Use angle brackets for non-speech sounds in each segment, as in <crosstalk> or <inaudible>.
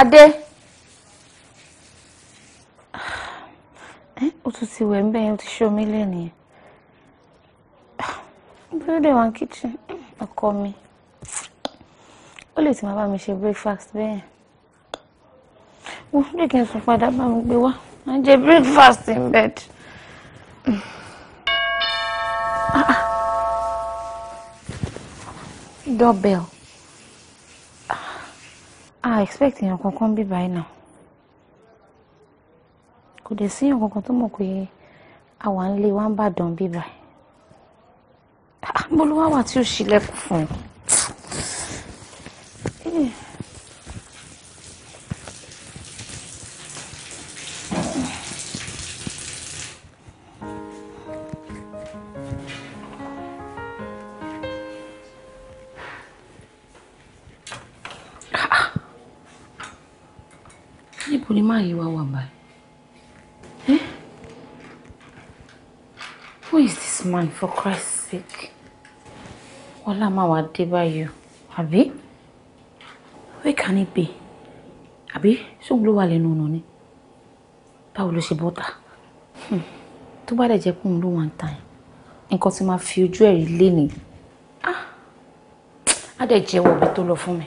adé ó tún ti wẹ̀ ń bẹ́ẹ̀ ó ti ṣe omi lẹ́nìí bíódé wọn kitchen ọkọ mi ó lè ti máa bá mi ṣe breakfast bẹ́ẹ̀ mo fún lè kí n sùn padà bá mi gbé wá máa jẹ breakfast in bed. Ah, ah. doorbell expect èèyàn kankan bí báyìí náà kò dẹ̀ sí èèyàn kankan tó mọ̀ pé àwa ń lé wa ń bàdàn bí báyìí ah, bó wà tí ó ṣílẹ̀kùn fún un. wá yìí wá wà báyìí. Eh? Who is this man for Christ's sake? Wọ́lá máa wá dé báyìí o, àbí? Where can he be? Àbí ṣóun ló wà lẹ́nu ọ̀nà ni? Báwo ló ṣe bọ́ta? Hmm. Tó bá dẹ̀ jẹ́ pé òun ló wà ń ta ẹ̀, nǹkan tí máa fi ojú ẹ̀rí lé ni. Á ah! dẹ̀ jẹ́wọ́ ibi tó lọ fún mi.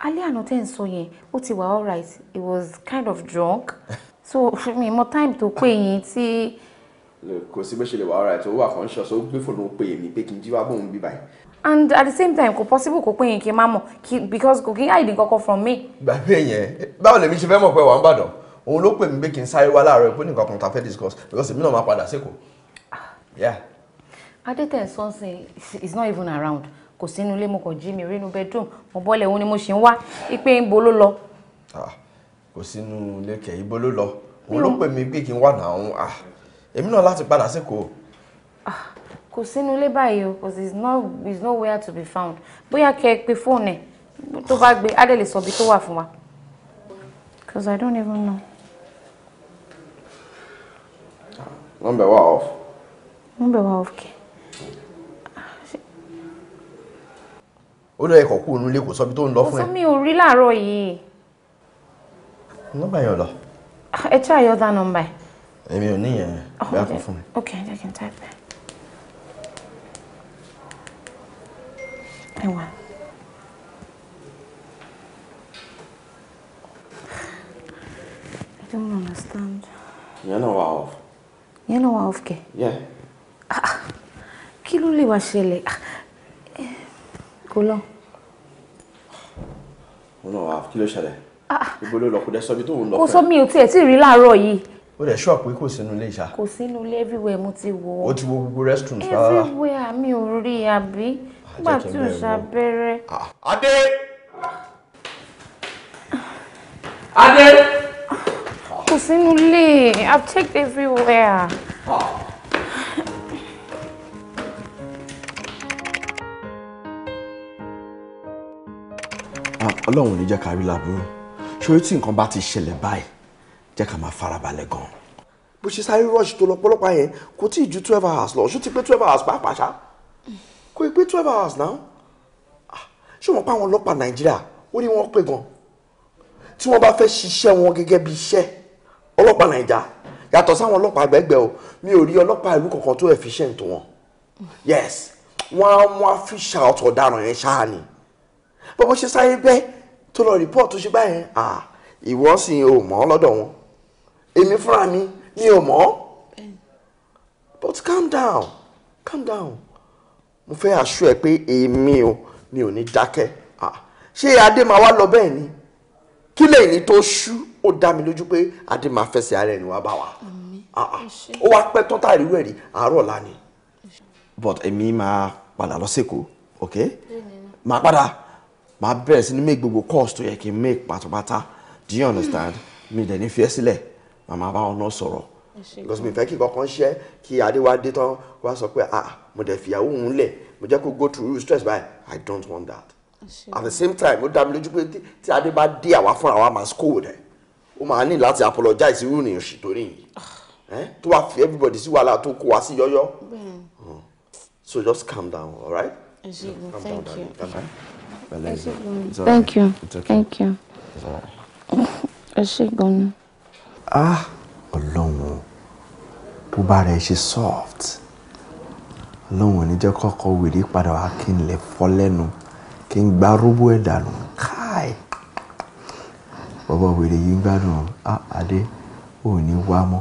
alẹ́ àná tẹ́ ń sọ yẹn ó ti wà alright it was kind of drunk so <laughs> mi mọ time tó pé yín tí. kò sí bó ṣe lè wà alright owó àfọ̀nṣọ́ so gbé fòlù ó pè mí pé kí n jí wá bóun bí báyìí. and at the same time kò possible kò pé yín kí n má mọ̀ because kò kí n hide kankan from me. gbàgbé yẹn báwo lèmi ṣe fẹ́ mọ̀ pé wà ń bàdàn òun ló pè mí pé kí n sáré wá láàárọ̀ ìpínlẹ̀ kankan tá a fẹ́ discuss because èmi náà máa padà sékòó. Ah. adétẹ̀ sọ́nsìn is not even around kò sínú ilé mo kàn jí mi rí bedroom mo bọ́lẹ̀ òun ni mo ṣe ń wá ipe ń bo ló lọ. Ah, kò sínú ilé kẹ̀ ibo ló lọ òun ló pè mí pé kí n wà náà òun ah, èmi náà láti padà síkòó. Ah, kò sínú ilé báyìí o because it's not it's nowhere to be found bóyá kẹ́ ẹ pe fóònù ẹ̀ tó bá gbé á dẹ̀ lè sọ ibi tó wà fún wa because I don't even know. Number one off. Number one off, okay. ó lọ ẹkọ̀ kú òun lè kò sọ́bi tó ń lọ fún ẹ. kò sọ mi ò rí láàárọ̀ yìí. nọ́mbà yẹn lọ. ẹ try your other number. èmi ò níyẹn oh, bí a kò fún mi. ok jẹ́ kí n type ẹ̀. I don't understand. Ìyẹn náà wà off. Ìyẹn náà wà off kẹ̀. Yeah. Ah, ah. Kí ló lè wá ṣẹlẹ̀? Ah, kó lọ. mo náà wà kí ló ṣẹlẹ̀ ibo ah. ló lọ kó dẹ́ sọ ibi tó ń lọ. kó sọ mi ò tiẹ̀ tí ì rí láàárọ̀ yìí. ó dẹ̀ ṣọ́ pé kò sínú ilé ìṣá. kò sínú ilé everywhere mo ti wò. ó ti wo gbogbo restrooms rárá. everywhere mi ò rí àbí ah, nígbà tí ò ṣàbẹ̀rẹ̀. Ah. adé adé. kò sínú ilé I've checked everywhere. Ah. ọlọ́run ò ní jẹ́ ká rí làbúrò ṣòro tí nǹkan bá ti ṣẹlẹ̀ báyìí jẹ́ ká máa farabalẹ̀ gan-an. bó ṣe sáré rush tó lọ pọ́lọ́pàá yẹn kò tí ì ju twelve hours lọ ṣó ti pé twelve hours pàápàá ṣá kò ì pé twelve hours náà ah, ṣé wọn pa àwọn ọlọ́pàá nàìjíríà ó ní wọ́n pè gan tí wọ́n bá fẹ́ ṣiṣẹ́ wọn gẹ́gẹ́ bí iṣẹ́ ọlọ́pàá nàìjà yàtọ̀ sáwọn ọlọ́pàá àgbẹ̀gbẹ̀ o mi ò rí ọlọ́pàá ìlú kankan tó efficient wọn yes wọ́n á mú àfíṣà ọ̀tọ̀ ọ̀daràn yẹn ṣáà ni bọ́bọ́ ṣe sáré bẹ́ẹ̀ tó lọ report tó ṣe báyẹn ah ìwọ sì ò mọ̀ lọ́dọ̀ wọn èmi fúnra mi mi ò mọ̀ but calm down calm down mo fẹ́ àṣù ẹ pé èmi o mi ò ní dákẹ́ ah ṣé adé máa wá lọ bẹ́ẹ̀ ni kí lẹ́yìn ní tó ṣú ó dá mi lójú pé adé máa fẹsẹ̀ ara ẹni wá bá wa ó wá pẹ́ tán táàrí rẹ̀ àárọ̀ lánìí but èmi máa padà lọ sí Èkó ok máa padà màá bẹ̀rẹ̀ sí ní make gbogbo calls tó yẹ kí n make pátápátá do you understand hmm. mi dẹ̀ ní fiẹ́ sílẹ̀ màmá bá ọ̀nà sọ̀rọ̀ because mi fẹ́ kí kankan ṣẹ́ kí adéwádé tán wá sọ pé ah mo dẹ̀ fìyàwó òun lẹ̀ mo jẹ́ kó go through stress by i don't want that at the same time ó dá mi lójú pé tí adé bá dé àwa fúnra wa máa school rẹ̀ ó máa ní láti apologize irú ènìyàn ṣì torí yìí ah. tó wá fi everybody sí wàhálà tó kó wa sí yọ́yọ́ hmm. so just calm down alright. calm down darling. Pẹ̀lẹ́ thank you thank you ẹ ṣe gan-an. ah ọlọ́run bó bá rẹ̀ ṣe soft ọlọ́run oníjẹ́ kọ́kọ́ wèrè padà wá kí n lè fọ́ lẹ́nu kí n gba róbó ẹ̀ dànù káì bọ́bọ́ wèrè yìí ń gbádùn ah, adé You. ní wá mọ́.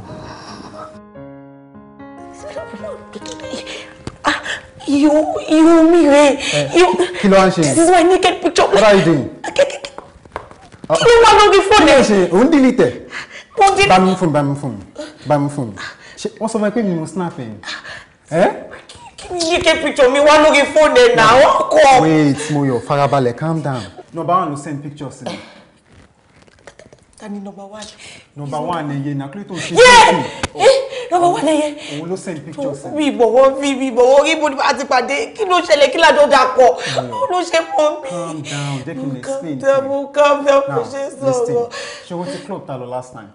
You, you, me, hey. Eh, you. Kí ló ń ṣe? This is my naked picture. What are you doing? Kí ló wà lórí fóònù? Kí ló ń ṣe? Òun dìlítẹ̀. Mo dìlítẹ̀. Bá mi fún mi, bá mi fún mi, bá mi fún mi. Ṣé wọ́n sọ fún ẹ pé mi mo snap ẹ̀? Ẹ́ eh? eh? naked picture mi wá lórí fóònù ẹ̀ náà wọ́n kọ́. Wait, Moyo, farabalẹ̀ calm down. Nọ̀bá wà ló send pictures sí mi ni number one. number one ẹyẹ na kí ló tó ṣe ṣe ṣe. Eh, number one ẹyẹ. òun ló send pictures. mi ìbọ̀wọ́ mi mi ìbọ̀wọ́ ibo ni a ti pàdé kí ló ṣẹlẹ̀ kí ládọ́ dà pọ̀ ó ló ṣe mọ́ mi. calm down jẹ́ kí n explain to you. mo calm down mo ṣe sọ̀rọ̀. ṣé wọ́n ti club ta lọ last time.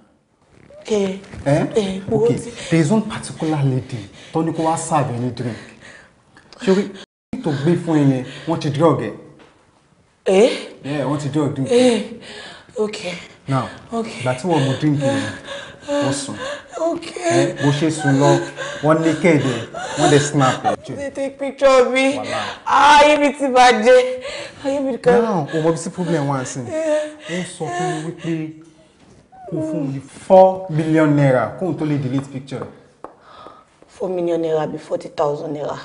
Eh, eh, eh, okay there is one particular lady tó ní kó wá serve any drink ṣé orí tó gbé fún ẹ yẹn wọ́n ti drug ẹ. ẹ. Eh? ẹ wọ́n ti drug do. ẹ eh, ok now ìgbà tí wọ́n mu drink yẹn wọ́n sùn bó ṣe sùn lọ wọ́n ní kéde wọ́n dé snap ẹ̀ jù. tètè picture me. Ah, ayé mi ti bàjẹ́ ayé mi kan. now o mọ bí sí problem wa sí ó sọ fún mi wípé kó fún mi four million naira kóun tó lè delete picture. four million naira be forty thousand naira.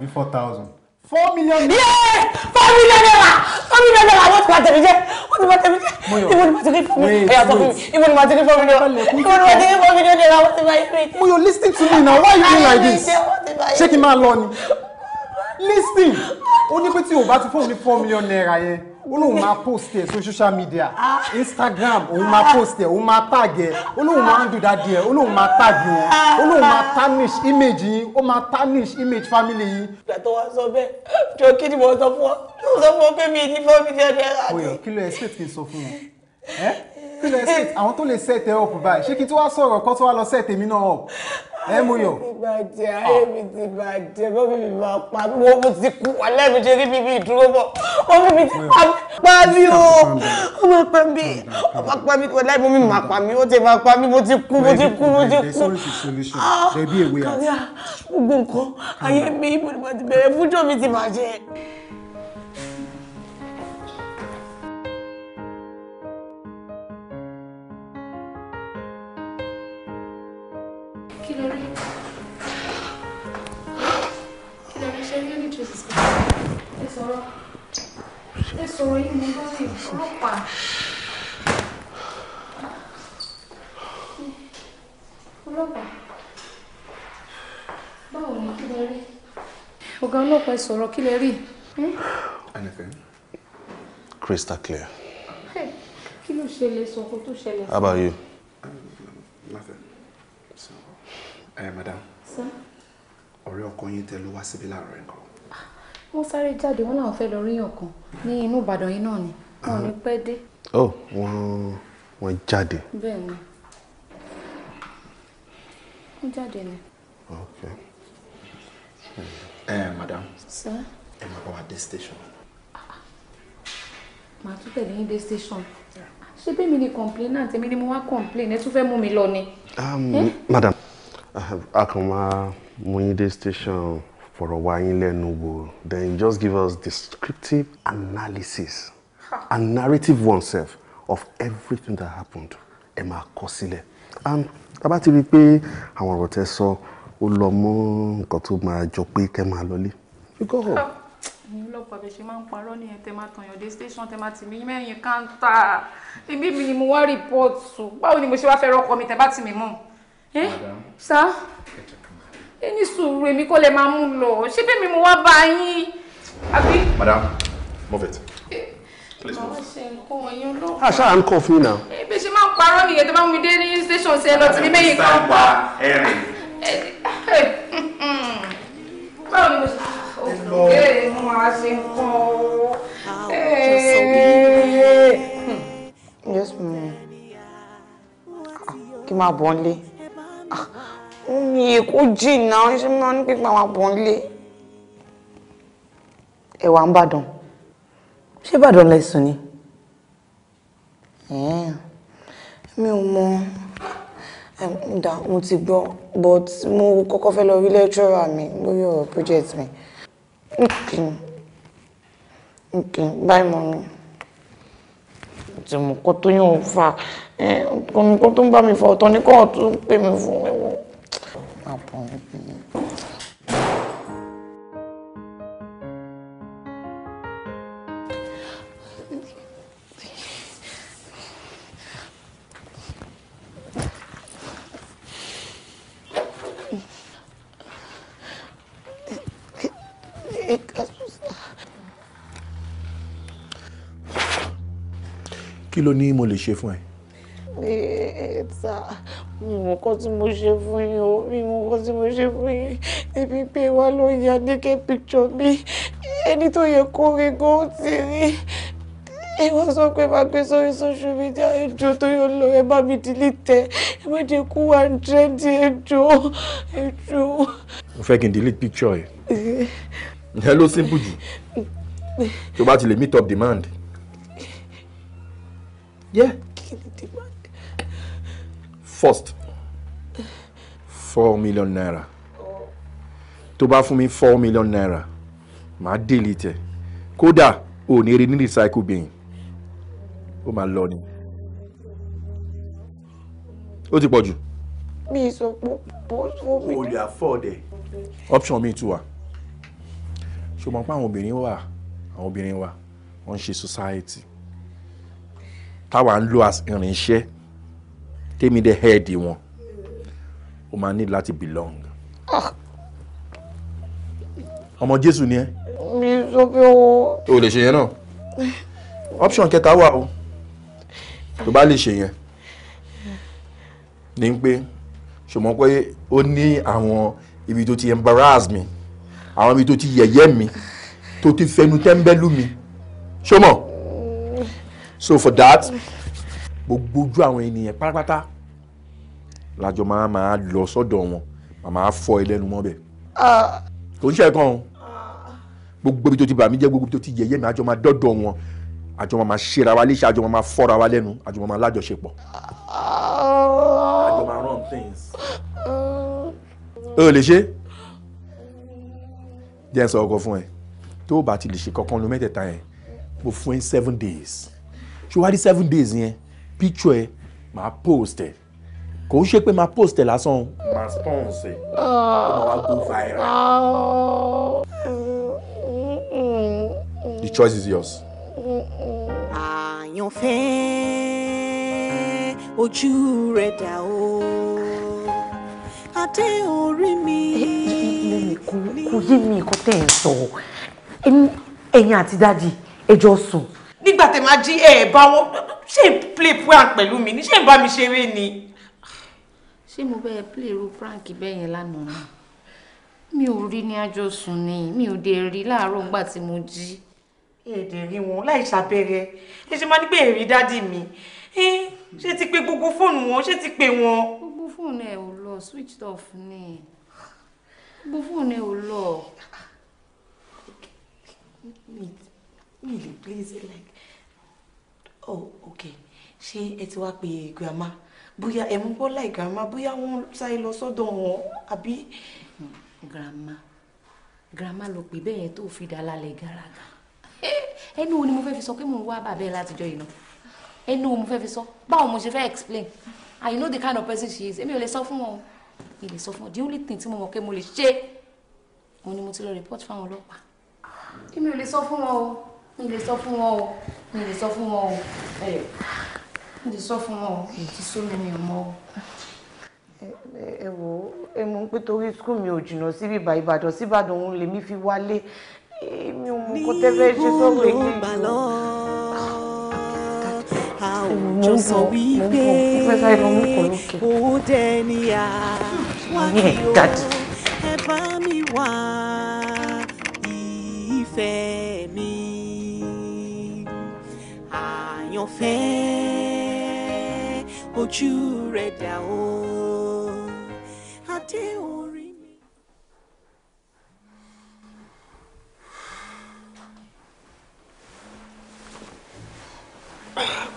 be four thousand four million naira. yee four million naira four million naira wọ́n ti ma tẹ̀lé jẹ́ wọ́n ti ma tẹ̀lé jẹ́ ìwọ ni ma tẹ̀lé four million Even ìwọ ni ma tẹ̀lé four million naira ìwọ ni ma tẹ̀lé four million naira wọ́n ti ma yẹ mi. mo yo listen to me now why you doing like this ṣé kí n máa lọ ni listen ó ní pé tí o bá ti fóun ní four million naira yẹn ó lóun máa post ẹ̀ sórí social media instagram òun máa post ẹ̀ òun máa tag ẹ̀ ó lóun máa handle dáadé ẹ̀ ó lóun máa tag wọn ó lóun máa tarnish image yín ó máa tarnish image family yín. ìgbà tó wá sọ bẹ́ẹ̀ jọ kí ni mo sọ fún ọ sọ fún ọ pé mi ní fọ́ọ̀mù díẹ̀ díẹ̀ rà ní. oyè kí ló ẹ ṣètì sọ fún wọn tilẹ̀ set àwọn tó lè set ẹ up báyìí ṣé kí tí wàá sọ̀rọ̀ kó tó wàá lọ set èmi náà up ẹ mú yọ. ayé mi ti bàjẹ́ ayé ah. mi ti bàjẹ́ bọ́bí mi máa pa mi wọ́n mi ti kú alẹ́ mi ṣe rí bíbí ìdúró bọ̀ wọ́n mi ti pa mí o wọ́n máa pa mí wọ́n máa pa mí alẹ́ mi máa pa mí ó ti máa pa mí mo ti kú mo ti kú mo ti kú. Ah, gbogbo nǹkan ayé mi ìbùdó ti bẹ̀rẹ̀ fújọ́ mi ti bàjẹ́. sọ̀rọ̀ ẹ sọ̀rọ̀ yìí mo gbọ́ sí ọlọ́pàá. ọlọ́pàá báwo ni kí lè rí. ọ̀gá ọlọ́pàá ẹ sọ̀rọ̀ kí lè rí. Hm? anything crystal clear. kí ló ṣẹlẹ̀ sọ̀kò tó ṣẹlẹ̀. how about you. nothing. So, eh, madam. sir. ọ̀rẹ́ ọkọ yín tẹ ló wá síbi láàárọ̀ nǹkan wọ́n sáré jáde wọ́n làwọn fẹ́ lọ ríyàn kan ní inú ìbàdàn yìí náà ni wọn ò ní pẹ́ dé. ọ wọn wọn jáde. bẹ́ẹ̀ ni wọn jáde ni. ok ẹ eh, ẹ madam. sir. ẹ máa bá wa dé station. màá tún tẹ̀lé yín dé station ṣé bẹ́ẹ̀ mi ni complainant èmi ni mo wá complain ẹ tún fẹ́ mú mi lọ ni. Ah, eh? madam a kàn máa mú yín dé station fọ̀rọ̀ wá yín lẹ́nu wò then just give us descriptive analysis huh. and narrative oneself of everything that happened Emma, máa kọ sílẹ̀ and tábà ti rí i pé àwọn ọ̀rọ̀ tẹ́ sọ ó lọ mọ́ nǹkan tó you go home. ẹ̀yin ọlọ́pàá bẹ ṣe máa ń parọ́ nìyẹn tẹ́ mi ni mo wá rìpọ́ọ̀tù báwo ni mo ṣe wá ẹ sùúrù èmi kọ́ lẹ máa mú lọ ṣé bẹ́ẹ̀ mi mo wá bá yín àbí. madam move it. Please move. Àṣà ah, à ń kọ̀ fún yín náà. Ibi ṣe máa ń parọ́ nìyẹn tó bá mi dé ní station sí ẹ lọ tí ní méyì kan pa. Báwo ni mo ṣe? Òkè ah, mo máa ṣe nǹkan o. Ah, yes, ma'am. Kí máa bọ̀ ń lé omi èkó jìnnà ṣé mo ní pípa àwọn àpò ńlé ẹwà ń bàdàn ṣé bàdàn lẹsùn ni mi ò mọ ẹ̀dá mo ti gbọ́ but mo kọ́kọ́ fẹ́ lọ rí lecturer mi lórí ọ̀rọ̀ project mi nkin nkin báyìí mọ́ mi tí mo kọ́ tó yàn fà ẹ̀ ọ̀tọ̀ nìkan tó ń bá mi fà ọ̀tọ̀ nìkan ọ̀tún pè mí fún ẹ̀wọ̀n papọ̀ obìnrin. kí ló ní mo lè ṣe fún ẹ. Eh, ẹ̀ta mi mọ̀ kọ́ tí mo ṣe fún yín o mi mọ̀ kọ́ tí mo ṣe fún yín ibi pé wá ló ya dékẹ́ picture mi ẹni tó yẹ kó rí gan ó ti rí ẹ wá sọ pé máa gbé sórí social media ẹjọ tó yọ lọ ẹ bá mi delete ẹ má jẹ kú wà trendy ẹjọ ẹjọ. mo fẹ́ kí n delete picture ẹ̀ ẹ ló simple jù tó bá ti lè meet up demand. yeah first four million naira tó bá fún mi four million naira màá delete ẹ kódà ò ní rí ní recycle bin ó máa lọ ni ó ti pọ̀ jù. mi sọ pé bó tó mi. o lè afford ẹ. option mi tún wà ṣùgbọ́n pé àwọn obìnrin wà àwọn obìnrin wà wọ́n ń ṣe society táwa ń lò as irinṣẹ́ tèmi dẹ hẹ́ẹ̀dì wọn o máa ní láti belong. Ah! ọmọ jésù ni ẹ. mi sọ pé o. o lè ṣe yẹn náà option kẹta wà o tó bá lè ṣe yẹn ní pé ṣùgbọ́n pé ó ní àwọn ibi tó ti embarrass mi àwọn ibi tó ti yẹ̀yẹ́ mi tó ti fẹnu tẹ́ńbẹ́lú mi ṣó mọ̀ so for that gbogbo ojú àwọn ènìyàn pátápátá lájọ máa máa lọ sọ́dọ̀ wọn màmá fọ ẹlẹ́nu mọ́ bẹ́ẹ̀. Ah. kò ń ṣe ẹ̀kan o gbogbo ibi tó ti bà mí jẹ́ gbogbo ibi tó ti yẹ̀yẹ́ mi àjọ máa dọ́dọ̀ wọn àjọ máa ṣera wa léṣe àjọ máa fọ́ra wa lẹ́nu àjọ máa lájọṣepọ̀. àjọ ah. máa run things. o lè ṣe jẹ́ ń sọ ọkọ fún ẹ tó o bá ti lè ṣe kankan lu mẹ́tẹ̀ẹ̀ta yẹn mo fún ẹ seven days ṣùgbọ́n seven days yẹn picture ẹ máa post ẹ kò ṣe pé máa post lásán máa sponsor ah. máa wá go ah. the choice is yours. àyànfẹ́ ojú rẹ̀ dà o adé orí mi. kò yé mi nǹkan tẹ̀ ẹ̀ sọ ẹ̀yin àti dáàdi ẹjọ́ sùn. nígbà tẹ̀ máa jí ẹ̀ bá wọn ṣé play plan pẹ̀lú mi ní ṣé ń bá mi ṣeré ni ṣé mo bẹ́ẹ̀ play irú prank bẹ́ẹ̀ yẹn lánàá náà mi ò rí ní àjọsùn ni mi ò dé rí láàárọ̀ ńgbà tí mo jí. èdè rí wọn láì ṣàbẹ̀rẹ̀ ẹ ṣe máa ní pé èrè dádì mi ṣé ti pè gbogbo fóònù wọn ṣé ti pè wọn. gbogbo fóònù ẹ ò lọ switch off ni gbogbo fóònù ẹ ò lọ. mi lè please like oh okay ṣé ẹ ti wá pe grandma bóyá ẹ̀ ń bọ́ láì grandma bóyá wọ́n sáré lọ sọ́dọ̀ wọn àbí. Hmm, grandma grandma ló pè bẹ́ẹ̀ yẹn tó fi dá lálẹ́ gàràgà ẹnu wo ni mo fẹ́ fi sọ pé mo ń wá bàbá ẹ látijọ́ yìí náà ẹnu wo mo fẹ́ fi sọ báwo mo ṣe fẹ́ explain I know the kind of person she is èmi ò lè sọ fún wọn mi lè sọ fún wọn the only thing tí mo mọ̀ pé mo lè ṣe òun ni mo ti lọ report fáwọn ọlọ́pàá èmi ò lè sọ fún wọn o mi lè sọ fún wọn o mi lè sọ fún wọn o mo ti sọ fún wọn èyí tí sómi mi ò ẹ wo ẹ mọ̀ pé torí skul mi ò jìnnà sí bíbá ìbàdàn sí òun lèmi fi wálé èmi ò mọ̀ kó tẹ́fẹ́ ṣe sọ́wọ́ èyí. àwùjọ sọ wípé ó dẹni à wá ẹ bá mi wá ìfẹ́ mi àyànfẹ́ ojú rẹ̀ dà o adé orí mi. Ah,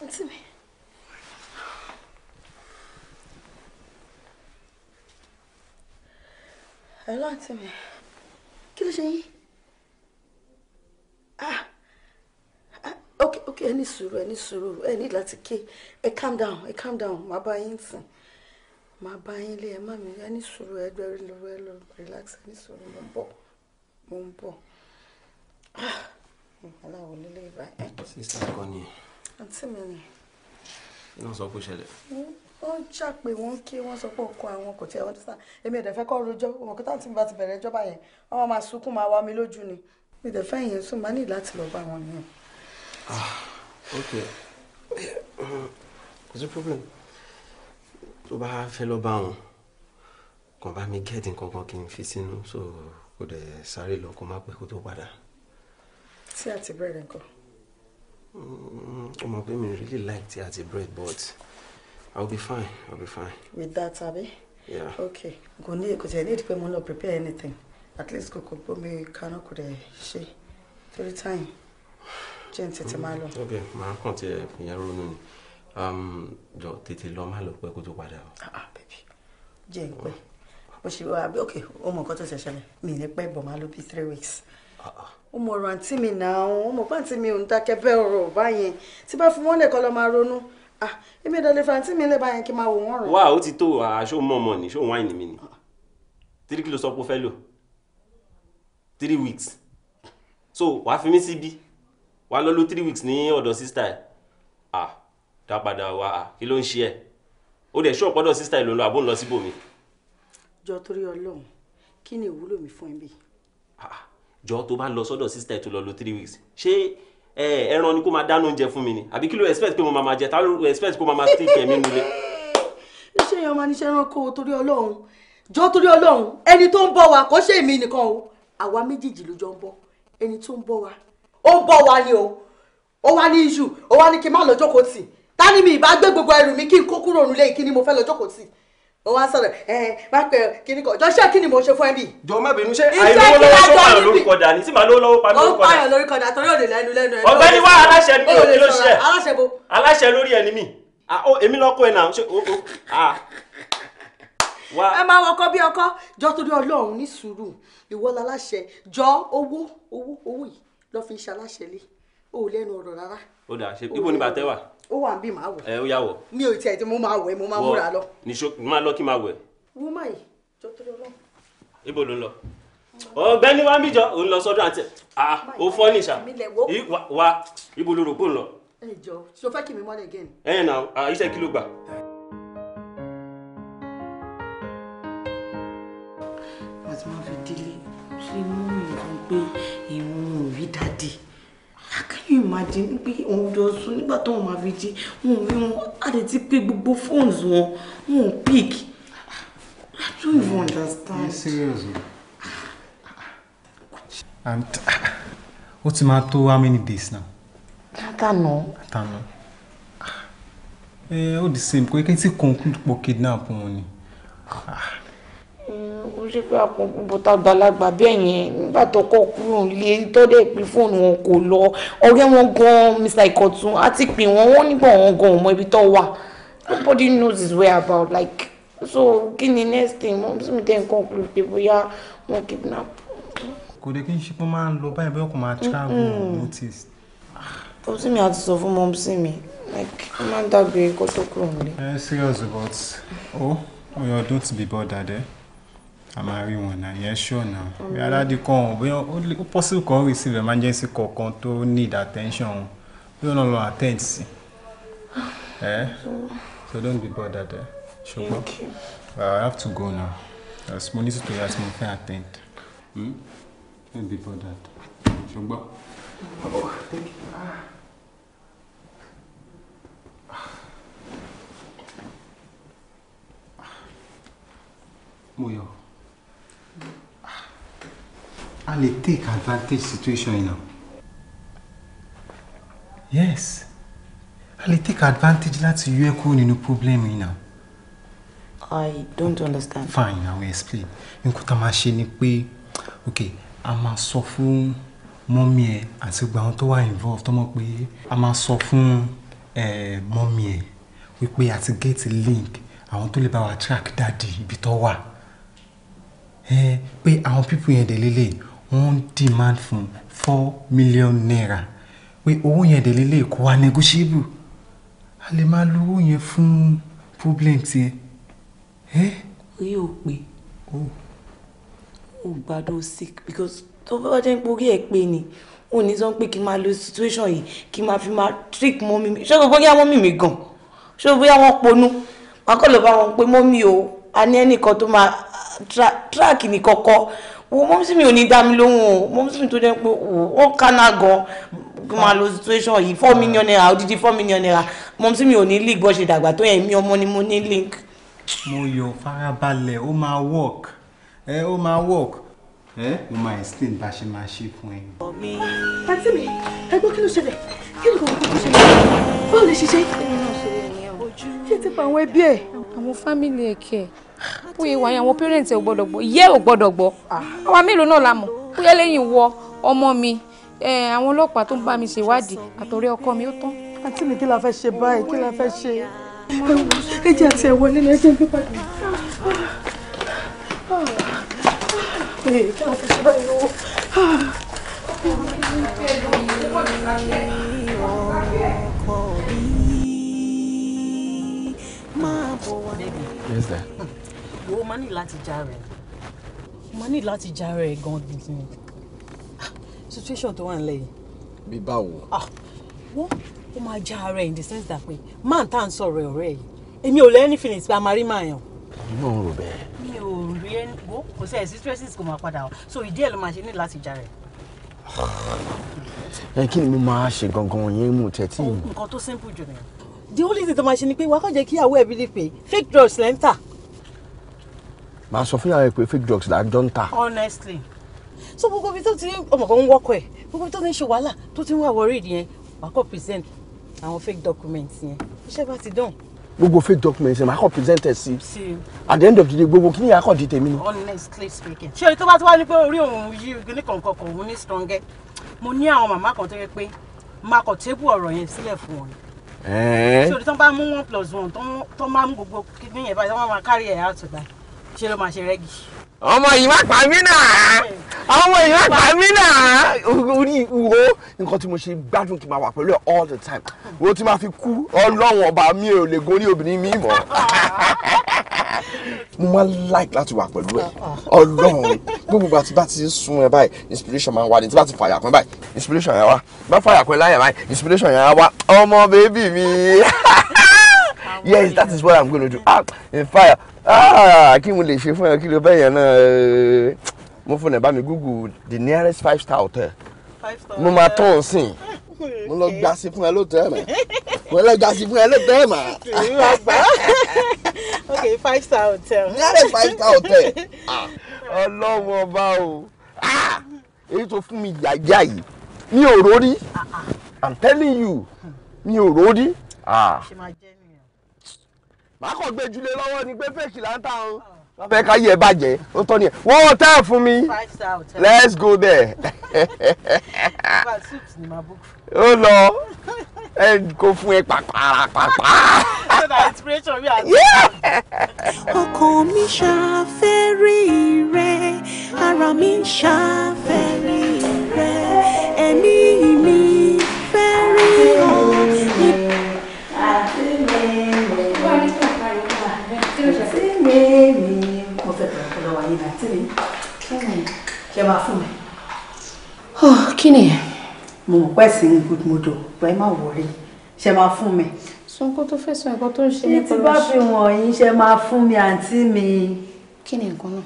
àǹtí mi. Hello, àǹtí mi. Kí ló ṣe yín? Ah! Okay, okay. ẹ ní sùúrù ẹ ní sùúrù ẹ ní láti ké ẹ calm down ẹ calm down màá bá yín sìn màá bá yín lé ẹ má mi ẹ ní sùúrù ẹ gbẹrẹ lọ́wọ́ ẹ lọ relax ẹ ní sùúrù mo ń bọ̀ mo ń bọ̀ ah, aláwọ̀ nílé ìbá ẹ. sísá kọ ni. àǹtí mi ni. kí ló ń sọ pé ó ṣẹlẹ̀. wọ́n jà pé wọ́n kí wọ́n sọ pé ọkọ àwọn kò tí ẹ wọ́n ti sàn èmi ẹ̀dẹ̀ fẹ́ kọ́ rojọ́ òmùkí táǹtì mi bá ti bẹ̀rẹ̀ ìjọba yẹn wọ́n máa sunkún máa wá mi lójú ni mi ẹ̀dẹ̀ fẹ́ yẹn sùn máa ní láti lọ bá wọn nìyẹn. Ah, ok. Kò sí problem. To bá fẹ́ lọ bá wọn, kàn bá mi gẹ́ẹ̀tì kankan kí n fi sínú so kò dẹ̀ sáré lọ kó má pẹ́ kó tó padà. Tí àti bẹ́ẹ̀ nǹkan. Ọmọ pé mi really like tea àti bread but I'll be fine, I'll be fine. With that, abi? Yeah. Okay. Kò ní kò tẹ̀ ní ìdí prepare anything. At least kò kò gbómi kaná kò dẹ̀ ṣe. Torí time jẹ́ n tètè máa lọ. ok màá kàn tiẹ̀ ìyẹn ronú ni um, jọ tètè lọ má lọ pẹ́ kó tó padà. Ah, ah, bẹ́ẹ̀bi jẹ́ n pẹ́ bó ṣe wà ok ó mọ nǹkan tó ṣe ṣẹlẹ̀ mi ní pẹ́ bọ̀ máa lọ bí three weeks ó ah, mọ ọ̀rọ̀ àǹtí mi náà ó mọ pàǹtí mi ò ń dákẹ́ bẹ́ẹ̀ ọ̀rọ̀ báyẹn tí bá fi wọ́n lẹ̀ kọ́ lọ máa ronú èmi ìdọ̀lẹ́ fàǹtí mi lè báyẹn kí n máa wò wọ́n rọ̀. wá ó ti tó aṣọ mọ́ ọmọ ni ṣó wáìnì mi ni three kilos sọ pé fẹ́ lò three weeks so wàá fi mí síbí wà lọ lò three weeks ní ọ̀dọ̀ sista ẹ̀ ah dá padà wá ah kí ló ń ṣe ẹ̀ ó dẹ̀ ṣọ́ ọ̀pọ̀dọ̀ sista ẹ̀ ló ń lọ àbó ń lọ síbòmí. jọ torí Ọlọ́run kí ni ìwúlò mi fún ẹ bí. jọ tó bá lọ sọ́dọ̀ sista ẹ̀ tó lọ lò three weeks ṣé ẹran ni kó máa dáná oúnjẹ fún mi ni àbí kí ló expect pé mo máa jẹ táwọn ló expect kó máa <laughs> máa stick ẹ̀mí nulẹ̀. iṣẹ́ yẹn máa níṣẹ́ ránko torí Ọlọ́run jọ torí Ọlọ́run ẹni tó ń bọ̀ wá kò ṣe èmi nìkan o àwa méjèèjì ló jọ ń bọ̀ ẹni tó ń bọ̀ wá ó bọ̀ wá ni o ó wá ní iṣu ó wá ní kí n má lọ jókòó tì ta ni mi ìbá gbé gbogbo ẹrù mi kí n kó kúrò nílé kí ni mo fẹ́ lọ jókòó tì ó wá sọ̀rọ̀ ẹ má pẹ́ kíní kan jọ ṣé kí ni mo ṣe fún ẹ bí. jọ má bínú ṣe àìlówó lọ́wọ́ ṣó pààyàn lórúkọ dà ní tí màá lówó lọ́wọ́ pààyàn lórúkọ dà. ó pààyàn lórúkọ dà torí òde lẹ́nu lẹ́nu ẹ̀. ọ̀gbẹ́ni wá aláṣẹ ni mi ò ní ló ṣe. aláṣẹ bo. aláṣẹ lórí ẹni mi èmi lọkọ ẹ náà ṣe o o wa. ẹ máa wọkọ bí ọkọ jọ torí Ọlọ́run ní sùúrù ìwọ laláṣẹ jọ owó owó owó yìí lọ́ fi ń ṣaláṣẹ lé o ò lẹ́nu ọ̀rọ̀ rárá. ó dà ṣe ibo ni bàtẹ wà. ó wà ń bí màá wọ. ẹ ó yà wọ. mi ò tiẹ̀ tí mo máa wẹ̀ mo máa múra lọ. nìṣó máa lọ kí máa wẹ̀. wú má yìí jọ tó lọ. ibo ló ń lọ. ọ̀gbẹ́ni wa ń bíjọ òun lọ sọ́dọ̀ àti ò fọ nìṣà wa ibo ló rò ń lọ. ẹ jọ so fẹ́ kí mi mọ́lẹ̀ gẹ́ni. ẹ nà ah, iṣẹ́ kí ló gbà. àti máa fi dílé ṣé mú mi fún pé máa jí pé òun jọ sùn nígbà tóun máa fi jí wọn rí wọn á lè ti pé gbogbo phones wọn wọn pick I don't even hmm. understand. Are you serious? And ó ti máa tó how many days now? Àtànà. Àtànà. Ẹ eh, ó di same kò kí n ti conclude pọ̀ kidnap wọn ni. Ah ó ṣe pé àpòǹbọ̀tà gbalagbà bẹ́ẹ̀ yẹn nígbà tó kọ́ kúrò nílé tó dé pé fóònù wọn kò lọ ọ̀rẹ́ wọn gan-an Mr. Ìkọ̀tún àti pé wọ́n wọ́n nígbà wọn gan-an mọ ibi tó wà nobody knows his way about like so kí ni next thing mo sì tẹ́ nǹkan kúrò pé bóyá wọ́n kidnap. kò dé kí n ṣe pé máa ń lọ báyìí bóyá kò máa travel notice. kò sí mi àti sọ fún mọ́mísì mi like ó máa ń dàgbé kó tó kúrò nílé. ẹ serious about oh, oh you don't be bothered eh? a máa rí wọn náà yẹn ṣọ́ náà bí aládìí kan ò bóyá ó possible kan receive emergency kọ̀ọ̀kan tó need attention wọn bí wọn náà lọ attend sí ẹ <sighs> eh? so don't be bothered ẹ ṣùgbọ́n I have to go now as mo ní sùtò yà tí mo fẹ́ attend hmm? don't be bothered ṣùgbọ́n. Oh, thank you. Ah. Muy bien a lè take advantage situation yìí náà. yes a lè take advantage láti yọ ẹ́ kúrò nínú problem yìí náà. I don't understand. Fine, I will explain. You tá a machine. ṣe okay. I'm a máa sọ fún mọ́mí ẹ àti gbogbo àwọn tó wà involved tó mọ̀ pé a máa sọ fún mọ́mí ẹ wípé a ti get link àwọn tó lè bá wa track daddy. ibi tó wà. Pé people pípù yẹn dé lélẹ̀ wọ́n demand fún four million naira pé owó yẹn délé lè kó wa negotiable a lè máa lo owó yẹn fún problem tiẹ̀. orí ò pé ò gbádùn sick because tó bá jẹ́ pé orí ẹ̀ pé ni ò ní sọ pé kí n máa lo situation yìí kí n máa fi máa trick mọ́mí mi ṣé gbogbo yá mọ́mí mi gan ṣé gbogbo yá wọ́n ponú wọn kọ́ ló bá wọn pé mọ́mí o a ní ẹnìkan tó máa track nìkan wo mọ́mísí mi ò ní dá mi lóhùn o mọ́mísí mi tó jẹ́ pé wọ́n kánà gan kí máa lo situation yìí four million naira odidi four million naira mọ́mísí mi ò ní link bó ṣe dàgbà tó yẹn mi ọmọ ni mo ní link. mo yọ farabalẹ̀ ó máa work ẹ ó máa work ẹ mo máa explain bá ṣe máa ṣe fún ẹ. àti mi ẹgbọ́n kí ló ṣẹlẹ̀ kí ló kọ́ kó ṣẹlẹ̀ báwo lè ṣiṣẹ́ ṣe ti pa àwọn ẹbí ẹ̀ àwọn fámìlì ẹ̀kẹ́ bóyá wáyé àwọn pẹ́rẹ́ǹtì ò gbọ́dọ̀ gbọ́ ìyẹ́ ò gbọ́dọ̀ gbọ́ àwa mélòó náà la mọ̀ bóyá lẹ́yìn wọ ọmọ mi àwọn ọlọ́pàá tó ń bá mi ṣèwádìí àtọ̀rẹ́ ọkọ mi ó tán. àǹtí mi kí la fẹ́ ṣe báyìí kí la fẹ́ ṣe. ẹ jẹ́ àti ẹ̀wọ́ nínú ẹ jẹ́ ń gbé padà. kí la fẹ́ ṣe báyìí o. Thank you. Yes, sir. Wo ma ní láti já rẹ̀. Mo ní láti já rẹ̀ gan gidi. Situation tó wà nílẹ̀ yìí. Bí báwo? Ah, wọ́n ó máa já rẹ̀ in the sense that pé máa ń tà ń sọ̀rọ̀ ẹ̀ ọ̀rẹ́ yìí. Èmi ò lẹ́ni feelings pé a máa rí màá yàn. Èmi náà rò bẹ́ẹ̀. Mi ò rí ẹni wo kò sí ẹ̀sìn kò máa padà wá. So ìdí ẹ̀ ló máa ṣe ní láti já rẹ̀. Ẹ kí ni mo máa ṣe gangan yẹn mú tẹ́tí Nǹkan tó simple jù nìyẹn the only thing tó máa ṣe ni pé wàá kàn jẹ́ kí ìyàwó ẹ̀ bí lè fake drugs lẹ́ ń tà. màá sọ fún ìyàwó ẹ pé fake drugs là ń jọ ń tà. honestly so gbogbo ibi tó ti ọmọ kan ń wọ́kọ ẹ̀ gbogbo ibi tó ti ń ṣe wàhálà tó ti ń wà worried yẹn wàá kàn present àwọn fake documents yẹn iṣẹ́ bá ti dán. gbogbo fake documents yẹn màá kàn present ẹ̀ sí at the end of the day gbogbo kíni àkọ́ di tèmi ni. honestly speaking ṣé orí tó bá ti wá ní pé orí òun yí ní kọ̀ọ̀kan kò òun ní strong ẹ̀ mo ní àwọn màmá kan tó yẹ pé máa kọ̀ tébù ọ̀rọ̀ yẹn sílẹ̀ Eh? sori tán bá mú one plus one tán máa mú gbogbo kíní yẹn báyìí tán máa kárí ẹ̀ àtọ̀ báyìí ṣe ló máa ṣe rẹ́gì. ọmọ yìí má pa mí náà ọmọ yìí má pa mí náà orí ìwò nǹkan tí mo ṣe gbádùn kí n máa wà pẹ̀lú ẹ̀ all the time wo tí máa fi kú ọlọ́run ọba mi ò lè gorí obìnrin mi mọ́. <laughs> mo máa like láti wà pẹ̀lú ẹ ah, ah. ọlọ́run gbogbo ìgbà tí bá ti sun ẹ báyìí inspiration máa ń wá ní tí bá ti fàyà báyìí inspiration yẹn wá bá fàyà kan láyà báyìí inspiration yẹn wá ọmọ bèbí mi <laughs> yes that is what i'm to do ah in fire ah kí mo lè ṣe fún ẹ kí ló bẹ́ẹ̀ yẹn náà mo fún ẹ bá mi google the nearest five star hotel mo máa tán ọ sìn mo lọ gba sí fún ẹ lóòótọ́ ẹ̀ mà mo lọ gba sí fún ẹ lóòótọ́ ẹ̀ mà. <laughs> ok five star hotel. yàrá five star hotel. <laughs> Ah. ọlọ́wọ́ ọba o ah! èyí tó fún mi yàyà yìí mi ò rórí i'm telling you mi ò rórí. Ah. màá kàn gbẹ́julé lọ́wọ́ ni pé fẹ́ẹ̀kì là ń ta o wọ́n fẹ́ ká yí ẹ bàjẹ́ ó tọ́ ni ẹ̀ wọ́n hotel fún mi let's go there. <laughs> ó lọ ẹ kó fún ẹ pàpàràpàpà. <laughs> ọkàn mi ṣàfẹ́rí rẹ ara mi ṣàfẹ́rí rẹ ẹ̀mí mi. ṣe máa fún mi. kí ni mo mọ̀ pẹ́ sí good mood o pé má wọrí ṣe máa fún mi. sunko tó fẹ́ sọ ẹ̀kọ́ tó ń ṣe nípa lọ́sùn. ní ti bá fi wọ̀nyí ṣe máa fún mi àǹtí mi. kí ni nǹkan náà.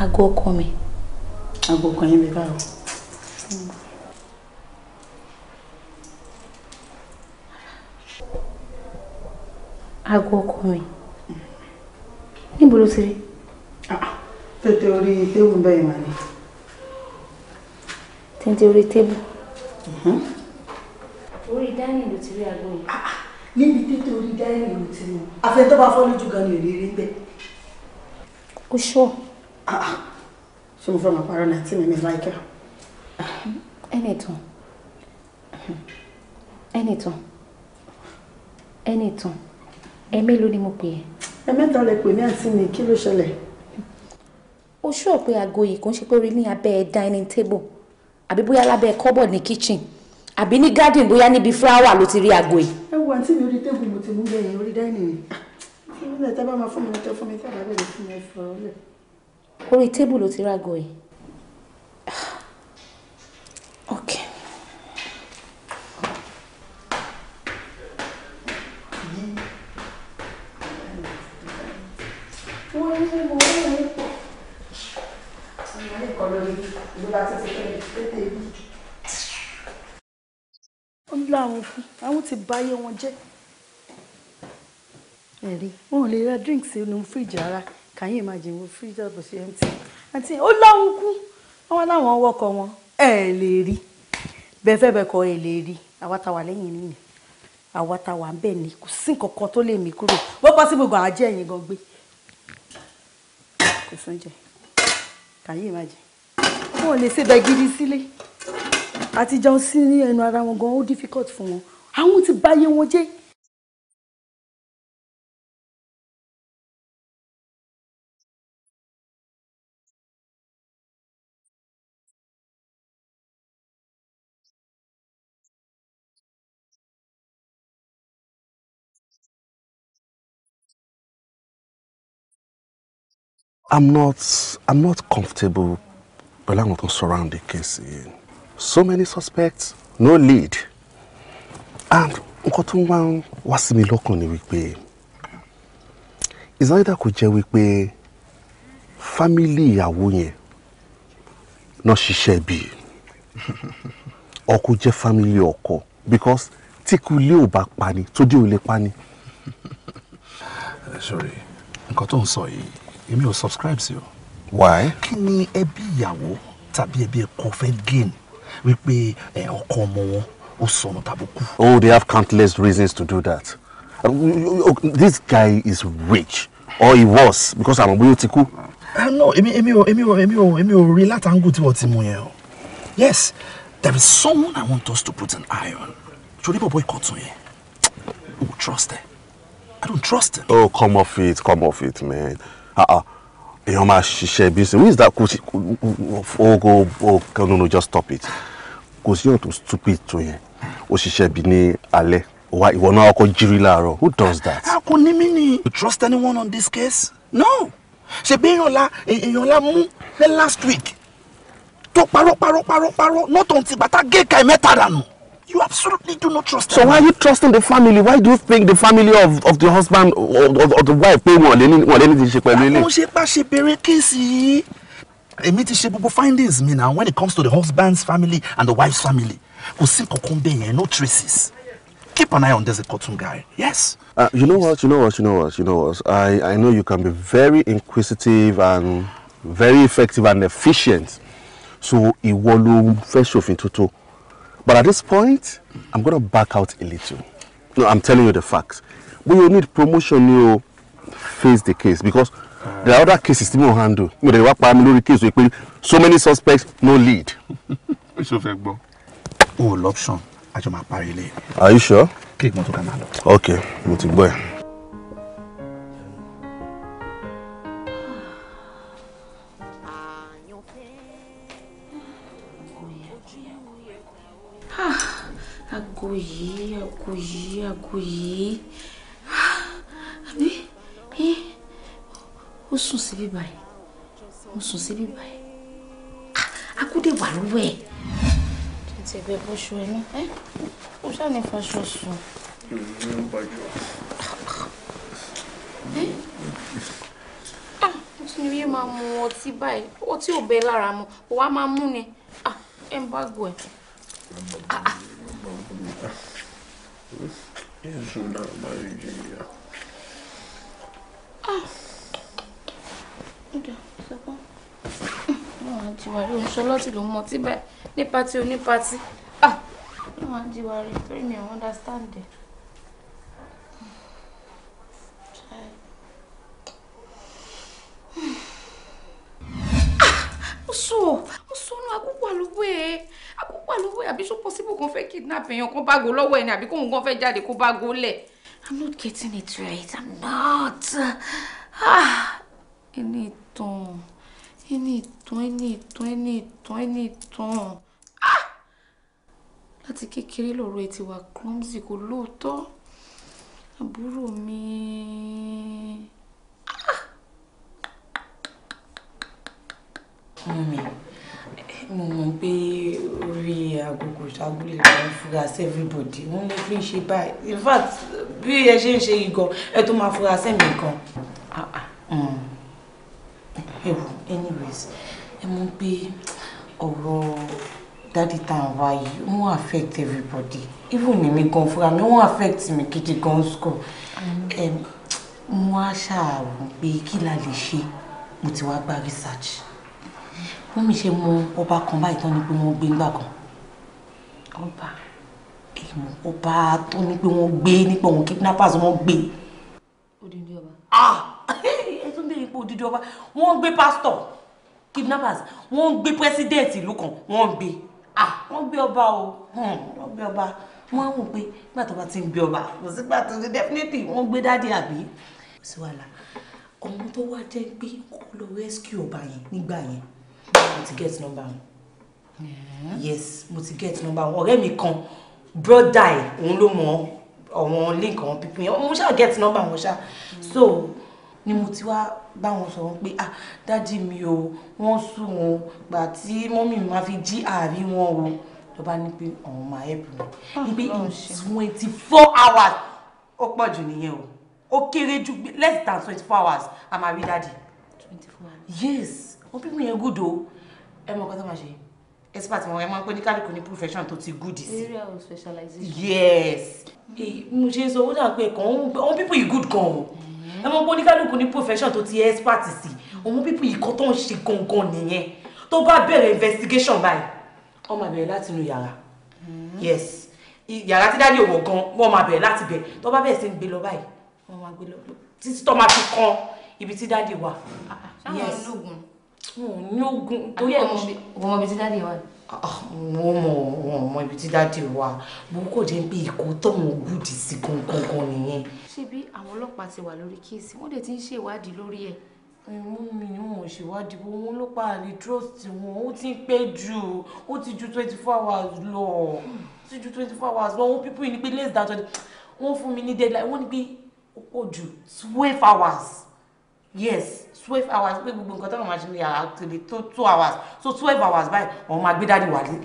aago ọkọ mi. aago ọkọ yẹn mi báwo. Hmm. aago ọkọ mi níbo ló ti rí. Ah, tètè orí tébù bẹ́ẹ̀ mà ni. tètè orí tébù. Mhm. orí dání ló ti rí aago yìí. Ah, ah, níbi tètè orí dání ló ti mú àfẹ́tọ́ bá fọ́ lójú gan ni ò ní rí bẹ́ẹ̀. ó ṣọ́. ṣé mo fẹ́ máa parọ́ náà tí mi mi láìka. ẹnì tán ẹnì tán ẹnì tán ẹ mélòó ni mo pè é. ẹ mẹ́ta lè pè ní àǹtí mi kí ló ṣẹlẹ̀. o ṣọ́ pé aago yìí kò ń ṣe pé orí ní abẹ́ dining table àbí bóyá lábẹ́ cupboard ní kitchen àbí ní garden bóyá níbi flower ló ti rí aago yìí. ẹ wo àǹtí mi orí tébù mo ti mú bẹ́ẹ̀ yẹn orí dining ni nílẹ̀ ah, tẹ́ bá máa fún mi ní tẹ́ fún mi tẹ́ bá bẹ̀rẹ̀ fún mi ẹ fọ orí tébù ló ti rí aago yìí. Ah, fún àwọn ti báyé wọn jẹ́ ẹ̀rí wọn ò lè ra drinks inú fíríjì ara kàyìn máa jìn wo fíríjì àbọ̀ sí mt àti ó láwọn kú wọn láwọn wọkọ wọn ẹ lè rí bẹ́ẹ̀ fẹ́ bẹ́ẹ̀ kọ́ ẹ lè rí àwa tá wà lẹ́yìn nìyẹn àwa tá wà ń bẹ̀ ní kò sí nǹkan kan tó lè mí kúrò bó bá sí gbogbo àjẹ́ ẹ̀yìn gan gbé kò sóúnjẹ kàyìn máa jẹ wọn lè ṣe bẹ́ẹ̀ gidi sílé àti jẹun sí ní ẹnu ara wọn gan ó difficult fún wọn àwọn ti báyé wọn jẹ́. I'm not I'm not comfortable pẹ̀lú àwọn tó surround the so many suspects no lead and nǹkan tó máa ń wá sí mi lọ́kàn ni wípé ìsáyédà kò jẹ́ wípé fámílì ìyàwó yẹn náà ṣiṣẹ́ bíi ọkọ jẹ́ fámílì ọkọ because tí kú ilé ò bá pani tó dé ò lè pani. Eh, sorry nǹkan tó ń sọ yìí èmi ò subscribe sí o. why. kí ni ẹbí ìyàwó tàbí ẹbí ẹkọ fẹ́ gain wípé ọkọ ọmọ wọn ó sọnù tàbùkù. oh they have countless reasons to do that um, oh, this guy is rich or he was because àmọ́ bóyá ó ti kú. Ah, no emi emi ò emi ò emi ò èmi ò rí látàngù tí wọ́n ti mú yẹn o yes there is someone i want us to put an eye on torí bọ̀bọ̀ ìkọ̀tún yẹn o trust ẹ i don't trust him. oh come off it come off it man. Uh -uh èèyàn máa ṣiṣẹ́ business who is that kò ogo ogo just stop it kò sí yóò tó stupid tó yẹn ó ṣiṣẹ́ bí ní alẹ́ wa ìwọ náà ọkọ jírí láàárọ̀ who does that. a ah, kò ní mí ni you trust anyone on this case no ṣe bí èèyàn la èèyàn la mú last week tó parọ́ parọ́ parọ́ parọ́ not until bàtà gé ka ẹ̀ mẹ́ta dànù. You absolutely do not trust So them. why are you trusting the family? Why do you think the family of, of the husband or, of or the wife pay wọ́n lé ní wọ́n lé ní ti ṣe pẹ̀lú ilé? Àwọn ṣe bá ṣe bẹ̀rẹ̀ kéèsì yìí. Èmi ti ṣe gbogbo findings mi now when it comes to the husband's family and the wife's family. Kò sí kankan bẹ́ẹ̀ yẹn, no traces. Keep an eye on this Ekotun guy. Yes. Uh, you know what? You know what? You know what? You know what? I, I know you can be very inquisitive and very effective and efficient. So ìwọ ló fẹ́ ṣòfin tuntun. But at this point, I'm going to back out a little. No, I'm telling you the facts. We will need promotion, you face the case because there are other cases still mo handle. Mo dey wá pa mi lórí case pé so many suspects, no lead. Ó sọ fẹ́ bro? Oh, option. I jọ máa parí Are you sure? Kí ni mo tó Okay, mo ti aago yìí aago yìí e o ah, àbí ó sùn síbí báyìí ó sùn síbí báyìí akúdé ah, o lọ́wọ́ ẹ̀. tètè bẹ bóṣù ẹ ní ah, ẹ ó ṣàní faṣọ sùn. tí ni yé máa mu ọtí báyìí ọtí ò bẹ lára mu wàá máa mú ni ẹ ń bá gùn ẹ. Jésù náà máa ń jìyà. Wọ́n á di wàrí oṣù ọlọ́tì ló mọ tí báyìí ní pati oní pati. Wọ́n á di wàrí torí mi understand ẹ̀. Mo sọ, mo sọ ọ́nà àkókò àlùwẹ̀ àbó wà lọ́wọ́ ẹ̀ possible kan fẹ́ kidnap èèyàn kan bágo lọ́wọ́ ẹ̀ ni àbí kóun kan fẹ́ jáde kó bágo lẹ̀. I'm not getting it right I'm not. Ah, ẹni ìtàn ẹni ìtàn ẹni ìtàn ẹni ìtàn ẹni ìtàn ah! láti kékeré lọ́rọ̀ ẹ ti wà clumsy kò lóòótọ́ àbúrò mi. Mami. Ah! Mm mo mọ̀ pé orí agogo ìṣàgùlé làwọn fura sí everybody wọ́n lè fi ṣe báyìí in fact bí ẹ ṣe ń ṣe yìí gan ẹ tó máa fura sẹ́mi gan. ewu anyways ẹ mọ̀ pé ọ̀rọ̀ dáàdì tá à yìí wọ́n affect everybody even mímí gan fúra mi wọ́n affect mi gidi gan school mm. mo á ṣàrò pé kí la lè ṣe mo ti wá gba research mú mi ṣe mọ ọba kan báyìí tán ni pé wọ́n gbé ńgbà kan ọba èèmọ̀ ọba tó ní pé wọ́n gbé nípa òun kidnappers wọ́n gbé. odindi ọba. ah ẹ tún bẹ̀rẹ̀ pé odindi ọba wọ́n gbé pásítọ̀ kidnappers wọ́n gbé president ìlú kan wọ́n gbé ah wọ́n gbé ọba o hmm, wọ́n gbé ọba wọ́n á mú pé nígbà tó bá ti ń gbé ọba kò sígbà tó ti definitely wọ́n gbé dáàdi àbí. sí wàhálà ọmọ tó wá jẹ́ pé kó lọ rescue ọba yẹn nígbà yẹn mo ti get number wọn yes mo ti get number wọn ọ̀rẹ́ mi kan broda ẹ̀ òun ló mọ àwọn link àwọn pípín yẹn mo ṣáà get number wọn ṣáà so ni mo ti wá bá wọn sọ̀rọ̀ pé ah dádì mi o wọ́n sùn wọn gbà tí mọ́mì mi máa fi jí àárín wọn o ló bá ní pé àwọn oh, máa help mi ní ah, pé twenty four hours ó pọ̀ jù nìyẹn o ó kéré jù less than twenty four hours a máa daddy. twenty four hours. yes wọn bí mo yẹn gùdò ẹ mọ nǹkan tó máa ṣe expert wọn ẹ máa ń pè ní kálukú ní profession tó ti good sí. area of specialization. yes mo ṣe sọ ó dà pé kan òun people yìí good gan o mm-hmm. ẹ mọ pé oníkálukú ní profession tó ti expert sí òun people yìí kan tó ń ṣe gangan nìyẹn tó bá bẹ̀rẹ̀ investigation báyìí wọ́n máa bẹ̀rẹ̀ láti inú yàrá mm-hmm. yes yàrá tí dáàdi òwò gan wọ́n máa bẹ̀rẹ̀ láti bẹ̀ tó bá bẹ̀rẹ̀ sí ń gbé lọ báyìí wọ́n máa gbé lọ títí tó máa fi kan ibi tí dáàdi wà. sáwọn ológun ní ogun torí ẹ̀ mọ́. Ah, wọ́n mọ ibi tí dáàdi wà. wọ́n mọ wọ́n mọ ibi tí dáàdi wà bó kò jẹ́ pé èkó tọ̀hún gùdì sí gangan nìyẹn. ṣebí àwọn ọlọ́pàá ti wà lórí kíìsì wọ́n dẹ̀ ti ń ṣèwádìí lórí ẹ̀ mú mi ni wọn ò ṣèwádìí wọn wọn ló pa àlè trust wọn ó ti pẹ́ jù ó ti ju twenty four hours lọ ó ti ju twenty four hours lọ wọn people ní pé less than twenty wọn fún mi ní deadline wọn ní pé ó pọ̀ jù twelve hours yes twelve hours pé gbogbo nǹkan táwọn máa ṣe ní yàrá tó lè two hours so twelve hours báyìí àwọn máa gbé dáàdì wálé wọ́n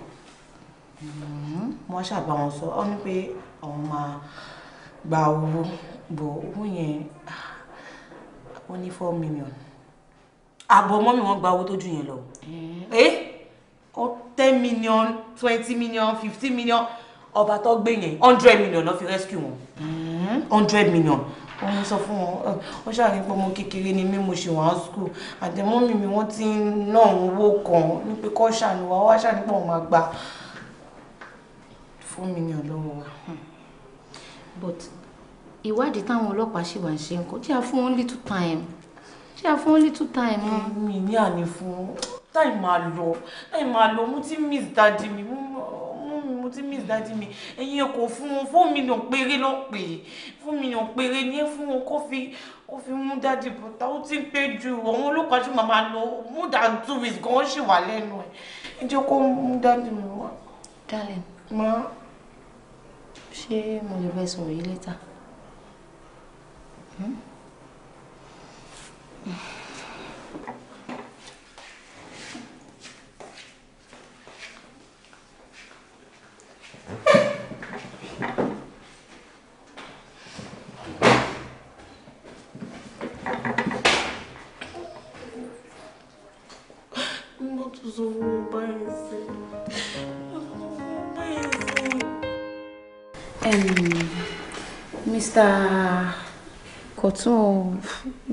mm-hmm. ṣàgbà wọn sọ ọ ní pé àwọn máa gba owó bọ̀ owó yẹn ó ní four million àbọ̀ mọ́mí wọn gba owó tó jù yẹn lọ mm-hmm. eh? ten million twenty million fifteen million ọba tó gbé yẹn hundred million ló fi rescue wọn mm-hmm. hundred million. Mm -hmm wọ́n ń sọ fún wọn wọ́n ṣàrí pé ọmọ kékeré ni mí mo ṣe wà á skul àtẹ̀mọ́mì mi wọ́n ti ń ná owó kan ní pé kọ́ ṣàánú wa wá ṣàánú pé wọ́n máa gbà fún mi ní ọlọ́wọ́ wa. Hmm. but ìwádìí táwọn ọlọ́pàá ṣì wá ń ṣe nǹkan tí a fún only two time tí a fún only two time. mi ní àní fún táì máa lọ táì máa lọ mo ti miss dadi mi mo mo ti miss dadi mi ẹ̀yin kò fún wọn fún mi yàn péré lọ pè é fún mi yàn péré ní ẹ fún wọn kó fi kó fi mú dadi bọ̀tà ó ti ń pé ju àwọn ọlọ́pàá tí màmá lọ more than two weeks gan ó sì wà lẹ́nu ẹ̀ ẹ jẹ́ kó mú dadi mi wá. darling ma ṣé mo lè bẹ sọ̀rọ̀ yìí later. Hmm? Mr. Cotton,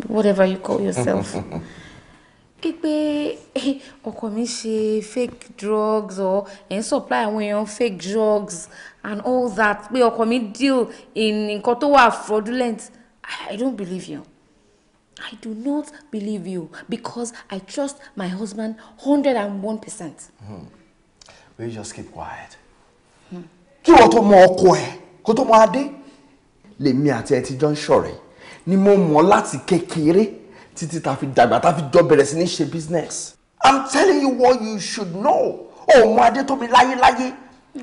whatever you call yourself. <laughs> pé <laughs> ọkọ mi ṣe fake drugs or ẹ̀ ń supply àwọn èèyàn fake drugs and all that pé ọkọ mi deal in nǹkan tó wà fraudulent I don't believe you. I do not believe you because I trust my husband hundred and one percent. Hmm. Will you just keep quiet? Hmm. Kí wọ́n tó mọ ọkọ ẹ̀ kó tó mọ adé? Lèmi àti ẹ ti jọ ń ṣọ̀rẹ́ ni mo mọ̀ láti kékeré títí ta fi dàgbà ta fi jọ bẹ̀rẹ̀ sí ní ṣe business i'm telling you what you should know ọmọ adétọ́mi láyéláyé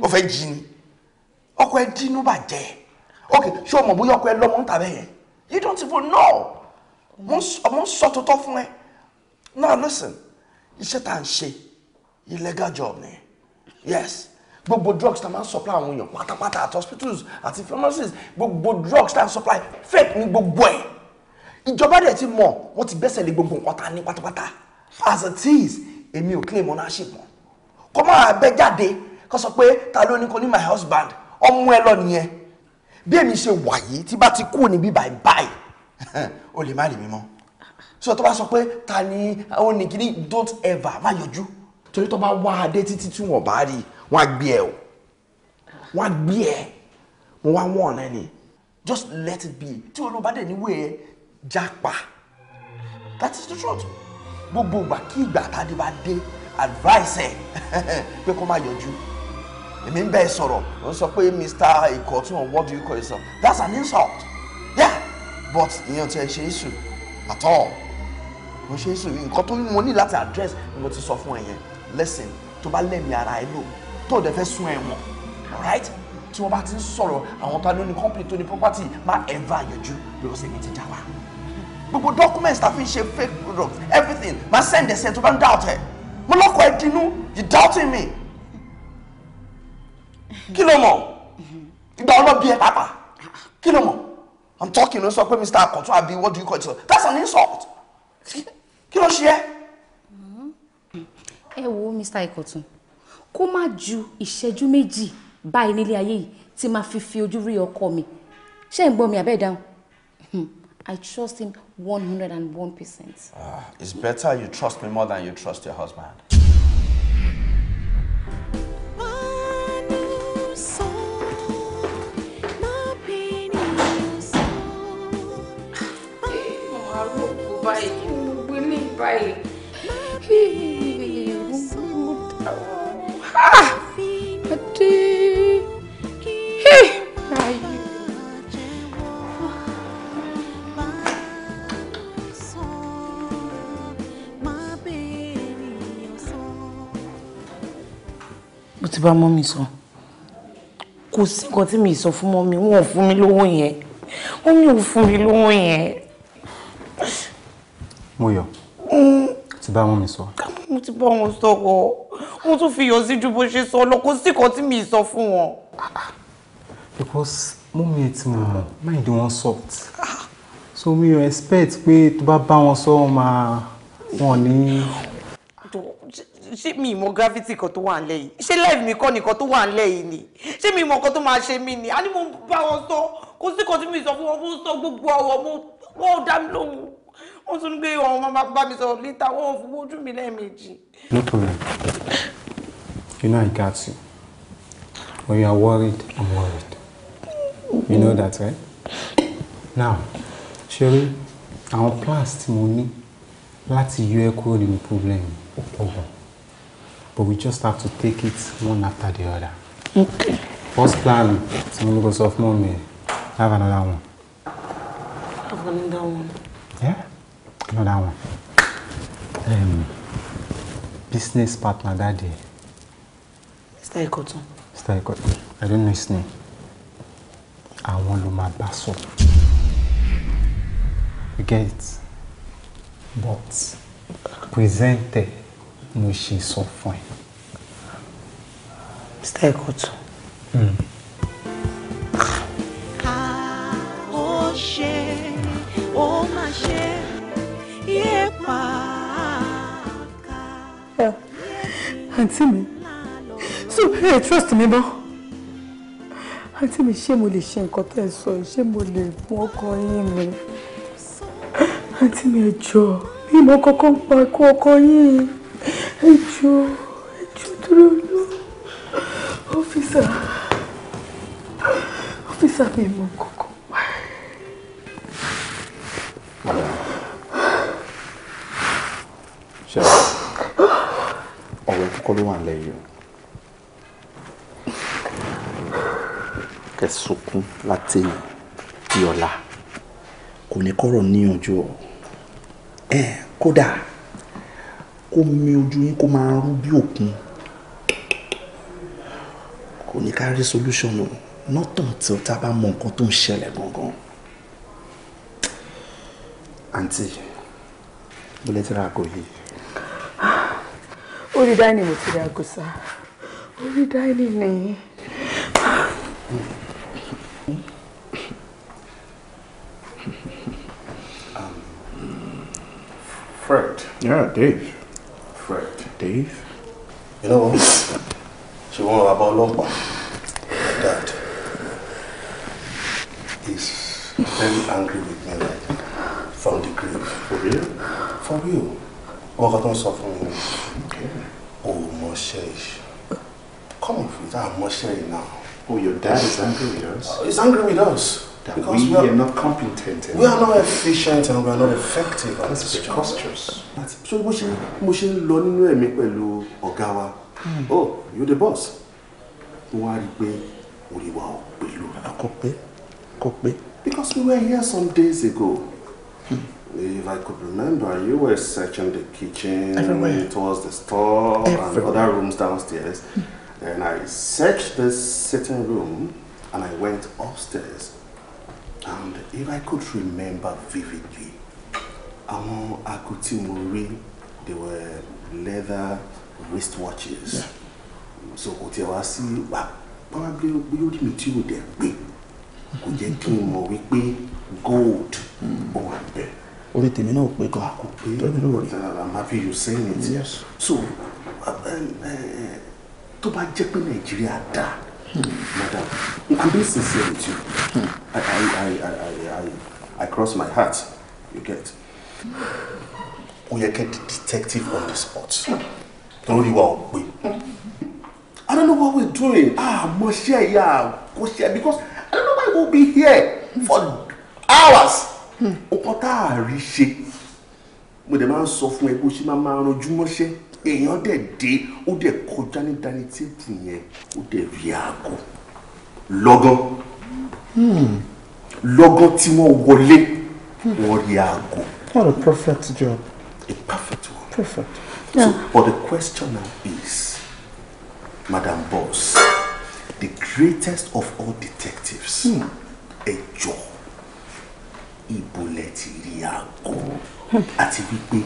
ó fẹ́ jí ni ọkọ ẹ dínú bàjẹ́ ok ṣé ọmọ bóyá ọkọ ẹ lọ́mọ ń tàbẹ́ yẹn you don't even know ọmọ ń sọ tuntun fún ẹ now listen iṣẹ́ tá à ṣe illegal job ni yes gbogbo drugs ta máa ń supply àwọn èèyàn pátápátá at hospitals àti pharmacies gbogbo drugs ta ń supply fake ni gbogbo ẹ̀ ìjọba dẹ̀ ti mọ̀ wọ́n ti gbẹ́sẹ̀ lé gbogbo nǹkan ta ní pátápátá as it is èmi ò claim ownership mọ́ kọ́ máa bẹ́ jáde kó sọ pé ta ló ní kó ní my husband ọmú ẹ lọ nìyẹn bí èmi ṣe wà yìí tí bá ti kú níbí báyìí báyìí <laughs> o lè má rí mi so tó bá sọ pé ta ni ó ní kí ni don't ever má yọjú torí tó bá wá adé títí tí wọn bá rí wọn á gbé ẹ o wọn á gbé ẹ wọn wá wọn ọ̀nà ẹ just let it be tí olùbádẹ́ níwèé japa that is the truth gbogbo ìgbà kí ìgbà tàdé bá dé advice ẹ <laughs> pé kó má yọjú èmi ń bẹ́ẹ̀ sọ̀rọ̀ ó sọ pé mr ikọ̀tún what do you call yourself that's an insult yeah but ìyẹn tí ẹ ṣe é sùn at all mo ṣe é sùn nǹkan tó mo ní láti address ni mo ti sọ fún ẹ yẹn listen tó bá lẹ́mìí ara ẹ lò tó o dẹ̀ fẹ́ sún ẹ̀wọ̀n alright tí wọ́n bá ti ń sọ̀rọ̀ àwọn tó ní company tó ní property má ever yọjú because èmi ti já wa gbogbo documents ta fi ṣe fake products everything máa send ẹsẹ̀ to bá ń doubt ẹ̀ mo lọ́kọ̀ ẹ dinú you doubting me kí ló mọ̀ ìgbà ọlọ́bí ẹ Papa. kí ló mọ̀ i'm talking ló sọ pé mr akọ̀tún àbí what do you call it that's an insult kí ló ṣe ẹ́. ẹ wo mr ikọ̀tún kó má ju ìṣẹ́jú méjì báyìí nílé ayé yìí tí máa fi fi ojú rí ọkọ mi ṣé ń gbọ́ mi àbẹ́ ìdáhùn I trust him 101%. Ah, it's better you trust me more than you trust your husband. Ah! ti bá mọ́mì sọ kò sí nǹkan tí mi sọ fún mọ́mì wọn ò fún mi lówó yẹn mọ́mì ò fún mi lówó yẹn. mo yọ mm. ti bá mọ́mì sọ. mo ti bá wọn sọ̀rọ̀ mo tún fi yọ sí ju bó ṣe sọ lọ kò sí nǹkan tí mi sọ fún wọn. because mọ́mì ẹ̀ tí mo mọ̀ mind wọn soft so mi ò expect pé tó bá bá wọn sọ wọn máa wọn ní ṣé mi ìmọ̀ gravity kan tó wà nílẹ̀ yìí ṣé life mi kọ́ nìkan tó wà nílẹ̀ yìí ni ṣé mi ìmọ̀ kan tó máa ṣe mí ni a ní mo bá wọn sọ kó sí kan tí mi sọ fún wọn mo sọ gbogbo ọ̀rọ̀ mo wọ́n dá mi lóhùn wọ́n tún gbé ọ̀rọ̀ máa bá mi sọ létà wọ́n fowó ojú mi lẹ́ẹ̀mejì. no problem you know i got you when you are worried i'm worried you know that right now ṣeré àwọn plans tí mo ní láti yọ ẹ kúrò nínú problem ó pọ̀ gan but we just have to take it one after the other. Okay. First plan, tí goes go sọ have another one. Have another one. Yeah, another one. Um, business partner daddy. Mr. Ikoton. Mr. Ikoton. I don't know his name. I want máa bá sọ. You get it? But presented ló ṣe sọ fún ẹ. mr ekoto. Hmm. ká ó ṣe ó máa ṣe yé pa ká. àǹtí mi so ẹ trust mi mọ́ àǹtí mi ṣé mo lè ṣe nǹkan tẹ́ ẹ sọ ṣé mo lè mú ọkọ yín mi àǹtí mi ẹ jọ̀ọ́ bí mo kọ́kọ́ ń pa ikú ọkọ yín ẹjọ ẹjọ dúró lọ ọfíìsà ọfíìsà mi mọ kókó pa ṣe ọ̀rọ̀ kọ́kọ́ ló wà lẹ́yìn kẹsùkún látẹ̀yìn bí ọ̀la kò ní kọ́rọ̀ níyànjú ọ ẹ kó mi ojú yín kó máa rú bí òkun kò ní ká rí solution o nọ́tàn tí o tá a bá mọ nǹkan tó ń ṣẹlẹ̀ gangan àǹtí bó lè ti ra àgọ́ yìí. Ah, orí dáìní mo ti rí aago sá orí dáìní ni. Um, Fred. Yeah, Dave friend. Dave? You know, ṣe wọ́n bàbá ọlọ́pàá dad is very angry with me like from the grave. For real? For real. Wọ́n kọ́ tó ń sọ fún mi ni. Come on, Fita, I'm Moshe now. Oh, your dad is angry with us? he's angry with us that because we are, are, not competent. We are not efficient and we are not effective. That's preposterous. So mo ṣe mo ṣe ń lọ nínú ẹ̀mí pẹ̀lú ọ̀gá wa. Hmm. Oh, you the boss. Mo wá rí i pé orí wa ò pé lò. Kò pé kò Because we were here some days ago. Hmm. If I could remember, you were searching the kitchen Everywhere. was the store Everywhere. and other rooms downstairs. Hmm. and I searched the sitting room and I went upstairs And if I could remember vividly, among aago tí mo were leather wristwatches. Yeah. So kò tiẹ̀ wá sí probably orí mi tí ò dẹ̀ pé kò jẹ́ me, n mọ̀ gold ó hmm. wà bẹ́ẹ̀. orí tèmi náà pé gan. kò uh, i'm happy you saying it. Yes. so to buy Japanese pé nàìjíríà dáa. Madam, if I'm being sincere with you, I, I, I, I, I, I cross my heart. You get. We are kẹ́ detective on the spot. Don't know what we. I don't know what we're doing. Ah, Moshe, yeah, Moshe, because I don't know why we'll be here for hours. Nǹkan tá a rí ṣe. Mo dẹ̀ máa ń sọ fún ẹ pé èèyàn dẹ̀ dé ó dẹ̀ kọjá ní dání téèpù yẹn ó dẹ̀ rí aago lọ́gán hmm. lọ́gán tí wọ́n wọlé hmm. wọ́n rí aago. what a perfect job. a perfect one. perfect. Yeah. So, but the question now is madam boss the greatest of all detectives hmm. ẹ jọ ibo lẹ ti rí aago àti wípé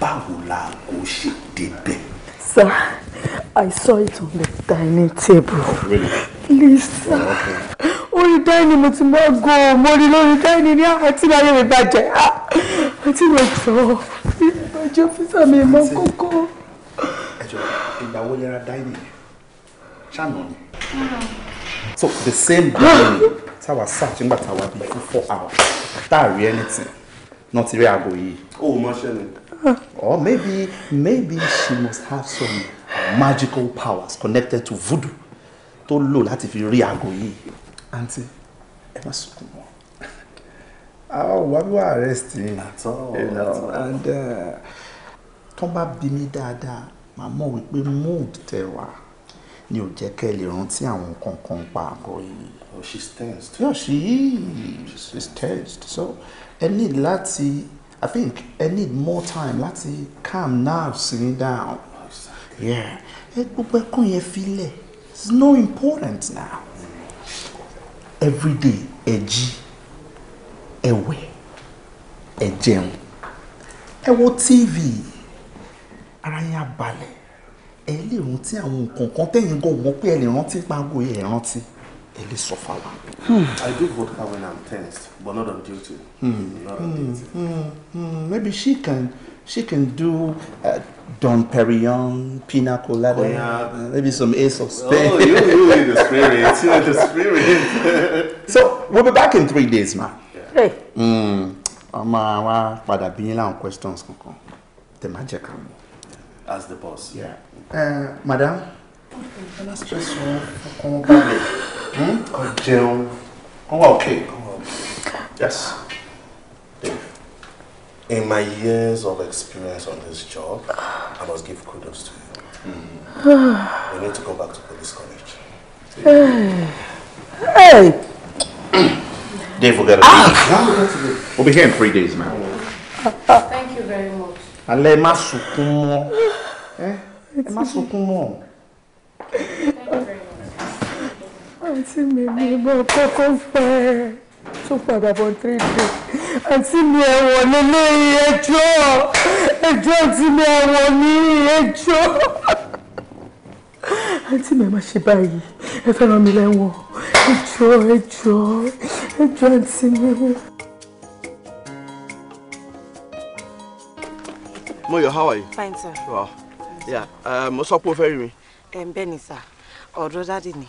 báwo la kò ṣe débẹ̀. sir i saw it on the dining table. Oh, really? please sir. Oh, okay. orí dining mo ti mọ́ go mo rí lórí dining ní àti láyé mi bàjẹ́ àti ah, mo jọ ìbàjẹ́ ọ́fíìsà mi mọ́ kókó. ẹ jọ ìgbà wo lera dining ṣáná ni. so the same dining táwa search nígbà táwa bíi fún four hours tá a rí anything náà ti rí aago yìí. ó mọ ṣẹlẹ̀ or maybe, maybe she must have some magical powers connected to voodoo tó lò láti fi rí aago yìí. àǹtí ẹ má sunkún mọ́. àwọn òwà bí wà arrest all. àtọ́ àtọ́ and uh, tó bá bí mi dáadáa màá mọ̀ wípé mood tẹ wá ni ò jẹ́ kẹ́ ẹ lè rántí àwọn pa aago yìí. oh she's tensed. yeah she she's tensed so any lati. I think I need more time láti calm nerves me down. Exactly. Yeah. Gbogbo ẹkún yẹn filẹ̀. It's no important now. Every day ẹ jí, a wẹ̀, ẹ jẹun, ẹ wo TV, ara yẹn á balẹ̀. Ẹ lè rántí àwọn nǹkan kan tẹ̀yìn you mọ́ I'm ẹ lè rántí pàgọ́ ẹ lè sọ fáwa. I do vodka when I'm tensed but not on duty. Mm. Not on duty. Mm. Mm. Maybe she can she can do uh, Don Perignon, Pina Colada, oh, yeah. Uh, maybe some Ace of Spades. Oh, you, you in the spirit, you in the spirit. <laughs> so we'll be back in three days, ma. Yeah. Hey. Hmm. Ọmọ àwa padà bí yín questions kankan. The magic, As the boss. Yeah. Uh, madam ọ̀nà stress wọn ọkàn wọn balẹ̀ kọ jẹun wọn wà okay wọn wà okay yes. In my years of experience on this job, I must give kudos to you. Mm. we need to go back to police college. Hey. Hey. Dave, we'll get ah. We'll be here in three days, man. Thank you very much. Ale má sunkún mọ́. Eh? Ẹ má sunkún mọ́ àǹtí mi mi mo kọ́kọ́ fẹ́ tó padà bọ̀ three àǹtí mi ẹ̀wọ̀n lélẹ́yìn ẹjọ́ ẹjọ́ àǹtí mi ẹ̀wọ̀n ní ẹjọ́ àǹtí mi ẹ má ṣe báyìí ẹ fẹ́ ràn mí lẹ́wọ̀n ẹjọ́ ẹjọ́ ẹjọ́ àǹtí mi. Moyo, how are you? Fine, sir. Wow. Yeah, um, mo sọ pé o fẹ́ rí mi ẹ ń bẹ ní sà ọ̀dọ̀ dáàdì ni.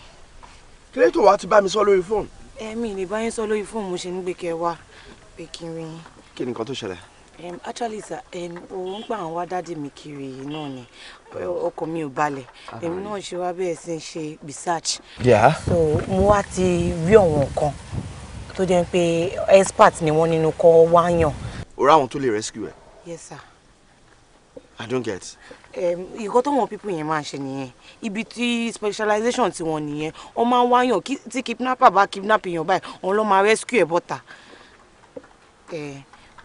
kílẹ̀ tó wàá ti bá mi sọ lórí fóònù. ẹ̀mí ni báyìí sọ lórí fóònù mo ṣe ń gbé kẹ wá pé kí n rí yín. kí ni nǹkan tó ṣẹlẹ̀. actually sà òun gbà wọn wá dáàdì mi kiri yìí náà ni ọkọ mi ò balẹ̀ ah. èmi náà ṣe wá bẹ́ẹ̀ sí ń ṣe research. so mo wá ti rí ọ̀wọ̀n kan tó jẹ́ pé expert ni wọ́n nínú kọ́ wáyàn. òrà àwọn tó lè rescue ẹ. yes sir. i don't get ìkọ́ tọ́wọ́n people yẹn máa ń ṣe nìyẹn ibi tí specialization ti wọn nìyẹn wọ́n máa ń wáyàn tí kidnapper bá kidnap èèyàn báyìí wọ́n lọ́ máa rescue ẹ̀ bọ́ta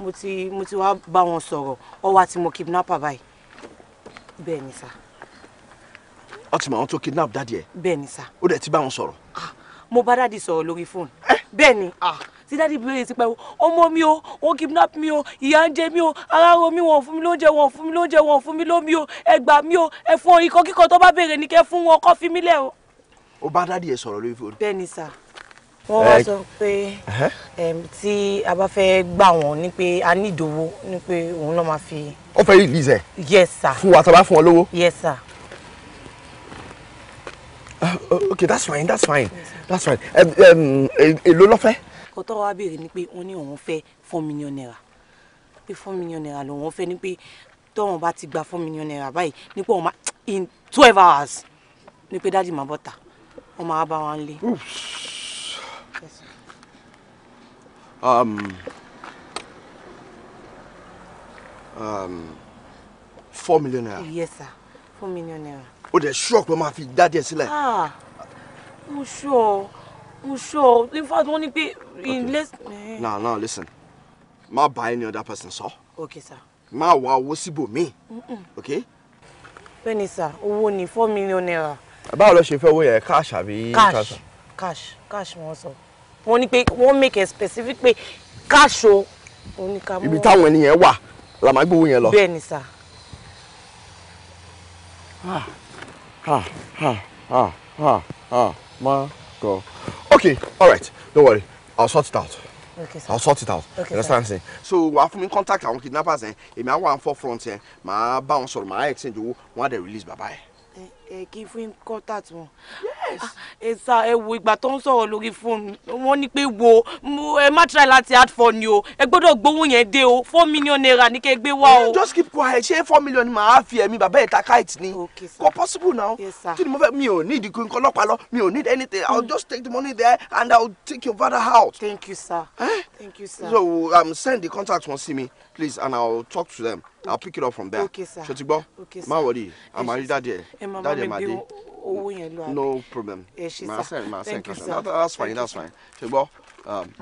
mo ti mo ti wá bá wọn sọ̀rọ̀ ọ wá ti mọ kidnapper báyìí bẹ́ẹ̀ ni sá. ọ ti mọ àwọn tó kidnap dáàdi ẹ. bẹ́ẹ̀ ni sá. ó dẹ̀ ti bá wọn sọ̀rọ̀. Ah, mo bá dáàdi sọ̀rọ̀ lórí fóònù. Eh? bẹ́ẹ̀ Ah tí dáàdi bí lóye ti pẹ́ ọmọ mi o wọ́n kidnap mi o ìyà ń jẹ mi o aráàrò mi wọ́n fún mi lóúnjẹ wọ́n fún mi lóúnjẹ wọ́n fún mi lómi o ẹ gbà o ẹ fún ikọ́ tó bá béèrè ní kẹ́ fún wọn kọ́ fi mí lẹ̀ o. ó bá dáàdi ẹ sọ̀rọ̀ lórí fóònù. bẹ́ẹ̀ni sà wọ́n wá sọ pé tí a bá fẹ́ gbà wọ́n ni pé a ní ìdòwò ni pé òun náà máa fi. ó fẹ́ rí ìlísẹ̀. yes sir. fún wa tó bá fún ọ lówó. yes sir. Uh, ah, okay that's fine that's fine yes, that's fine èlò ló fẹ́ kó tọ́ wa béèrè ni pé wọ́n ní òun fẹ́ four million naira pé four million naira lòun fẹ́ ni pé tọ́wọ́n bá ti gba four million naira báyìí ni pé wọ́n in twelve hours ni pé dáàdì máa bọ́ta wọ́n máa bá wa lé. Um, um, four million naira. yes sir four million naira. o de shock ló máa fi dáàdì ẹ sílẹ̀. ah mo sure mo sure in fact wọ́n ní pé okay. Okay. Now, now, listen. Ma buy any other person, so. Okay, sir. Ma wa owó síbò mi. Okay? Bẹ́ẹ̀ni sir, owó ni four million naira. Báwo ló ṣe fẹ́ owó yẹn cash àbí transfer? Cash, cash wọ́n sọ. Wọ́n ní pé wọ́n make a specific pé cash o. Ibi táwọn ènìyàn wà la máa gbówó yẹn lọ. Bẹ́ẹ̀ni sir. Ah, ha, ha, ha, ha, ha. ma go. Okay, all right, don't worry. I'll sort it out. Okay, sir. I'll sort it out. Okay, understand sir. So wàá fún mi contact àwọn kidnappers yẹn. Èmi á wà ń fọ́ front yẹn. Màá bá wọn sọ̀rọ̀ màá exchange owó. Wọ́n á dẹ̀ release bàbá yẹn kí fún contact wọn. Ah, ẹ sá ẹ wo ìgbà tó ń sọ̀rọ̀ lórí fóònù wọ́n ní pé wo ẹ má try láti add for ni o ẹ gbọ́dọ̀ gbowó yẹn dé o four million naira ní kẹ́ gbé wá o. just keep quiet ṣé four million màá fi ẹ̀mí bàbá ẹ̀ ta kite ni kò possible now kí ni mo fẹ́ mi ò ní ìdíkùn nǹkan ọlọ́pàá lọ mi ò need anything i will just take the money there and i will take your father out. thank you sir. Eh? thank you sir. so um, send the contact wọn sí mi please and i will talk to them. I'll pick it up from there. Okay, sir. Shotigbo. Okay, sir. Ma worry. I'm already daddy. Daddy, my day. No problem. Yes, sir. Ma send, ma send. That, that's fine. That's fine. Shotigbo. Um.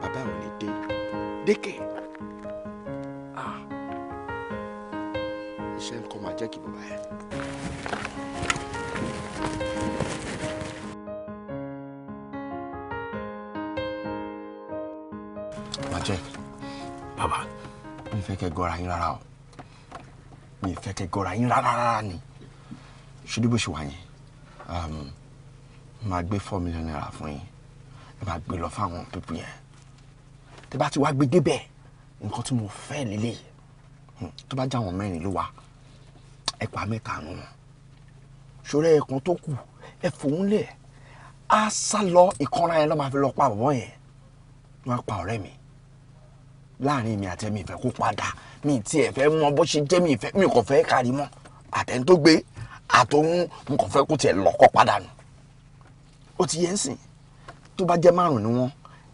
Baba ò ní dé. Dékè. Ah. Iṣẹ́ nǹkan máa jẹ́ kí bàbá yẹn. Máa bàbá mi fẹ́ kẹ́ gọ́ra yín rárá o mi fẹ́ kẹ́ gọ́ra yín rárá rárá ni ṣùdí bó ṣe wà yẹn máa gbé four million naira fún yín ẹ máa gbé lọ fáwọn pípù yẹn tẹ bá ti wá gbé débẹ̀ nǹkan tí mo fẹ́ lélẹ̀ hmm, tó bá jáwọn mẹ́rin ló wà ẹ pa mẹ́ta nù wọn ṣòro ẹ̀kan tó kù ẹ fòun lẹ̀ á sá lọ ìkanra yẹn lọ́ máa fi lọ pa bàbá yẹn wọ́n á pa ọ̀rẹ́ mi láàrin mi àti ẹ̀mí ìfẹ́ kó padà mi tiẹ̀ fẹ́ mọ bó ṣe jẹ́ mi ìfẹ́ mi kò fẹ́ kárí mọ́ àtẹ̀ń tó gbé àtòun mo kàn fẹ́ kó tiẹ̀ lọ́kọ́ padà nù ó ti yẹ ń sìn tó bá jẹ́ márùn ni wọ́n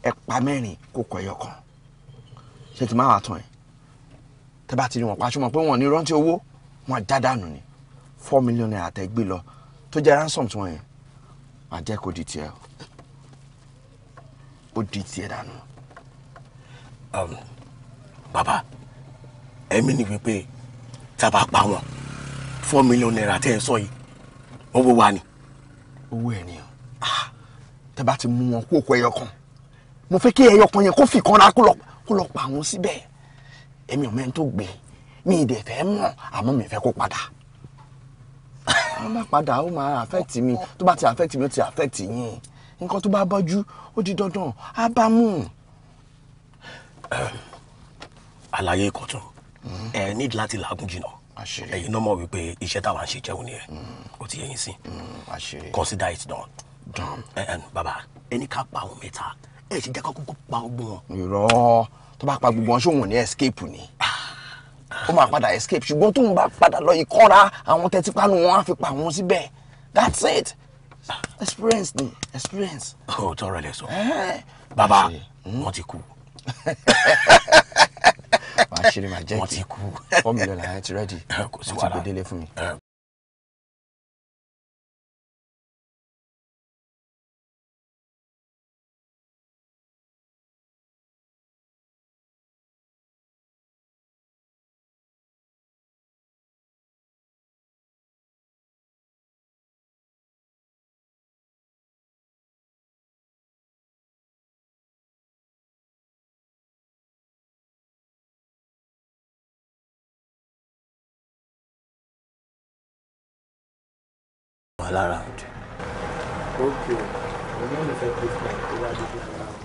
ẹ pa mẹ́rin kó kọ ẹyọ kan ṣé ti máa wà tán ẹ tẹ bá ti rí wọn paṣọ mọ pé wọn ní rántí owó wọn já dànù ni four million naira tẹ gbé lọ tó jẹ́ ransom tí wọ́n yẹn àjẹ́ kò di tiẹ̀ ó di tiẹ̀ dànù. Um, Baba, ẹ̀mí ni wípé tá a bá pa wọn four million naira tẹ́ ẹ sọ yìí owó wa ni. owó ẹ̀ nìyẹn ah, tẹ́ bá ti mú wọn kó kó ẹyọ kan mo fẹ́ kí ẹyọ kan yẹn kó fi kan rà kó lọ pa àwọn síbẹ̀ ẹ̀mí ọ̀mẹ́ tó gbé mi ì dẹ̀ fẹ́ mọ̀ àmọ́ mi fẹ́ kó padà wọ́n <laughs> bá padà ó máa affect mi tó bá ti affect mi ó ti affect yín nǹkan tó bá bọ́jú ó di dandan á bá mú un àlàyé kọ̀tún ẹ need láti làágùn jìnnà ẹ̀yin náà mọ̀ wípé iṣẹ́ táwa ń ṣe jẹun nìyẹn hmm. ó ti yẹyin sí hmm, consider it done. done. baba ẹni ká pa àwọn mẹ́ta ẹ ṣe jẹ́ kọ́kọ́ pa gbogbo wọn. irọ́ tó bá pa gbogbo wọn ṣé òun ní escape ni ó máa padà escape ṣùgbọ́n tóun bá padà lọ ìkọ́ra àwọn tẹ́tí panu wọn á fi pa àwọn síbẹ̀ that's it experience ni experience. ó tọrọ ẹ lẹ sọ baba hmm. wọn ti kú wàá <laughs> ṣeré màá jẹ́ kí <laughs> wọ́n ti kú four million naira ti rẹ́dì wọ́n ti gbé délé fún mi. Eh, around. Okay. We're not affected by the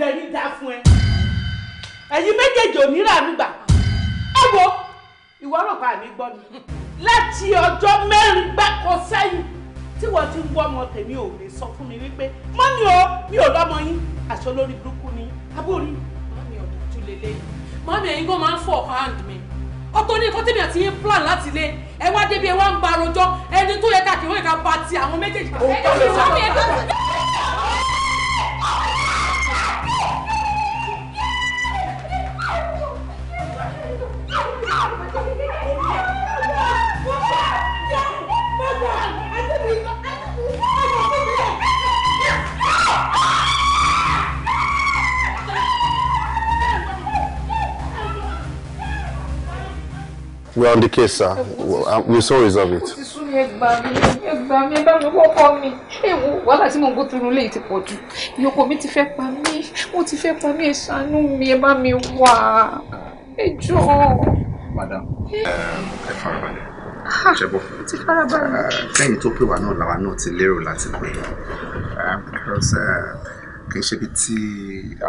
dẹ̀ ní dá fún ẹ ẹ̀yin méjèèjì ò ní ràánú gbà ẹ wo ìwọ rò pa àmì gbọ́ ni láti ọjọ́ mẹ́rin gbáko sẹ́yìn tí wọ́n ti ń wọ́ ọmọ tèmi ò lè sọ fún mi wípé mọ́mí o mi ò lọ́mọ yín aṣọ lórí burúkú ni abórí. mọ́mí ọ̀dọ̀ tún lélẹ́yìn mọ́mí ẹ̀yin gan máa ń fọ hand mi ọ̀tọ̀ ní nǹkan tèmi àti yín plan láti lé ẹ wá débi ẹ wá ń ba rojọ́ ẹni tó yẹ káàkiri wọn yẹ ká ti àwọn méjèèjì. òun kọ́ ló sọ We're on the case, sir. We're sorry of it. wàhálà tí mò ń gbó tunu lè ti pọ̀ jù ìyókò mi ti fẹ́ pa mí wọ́n ti fẹ́ madam Um, farabalẹ̀ ṣe ah, bọ́ fún mi. ti farabalẹ̀. lẹ́yìn eh, tó pè wá náà làwa náà eh, because kì í ṣe ibi tí a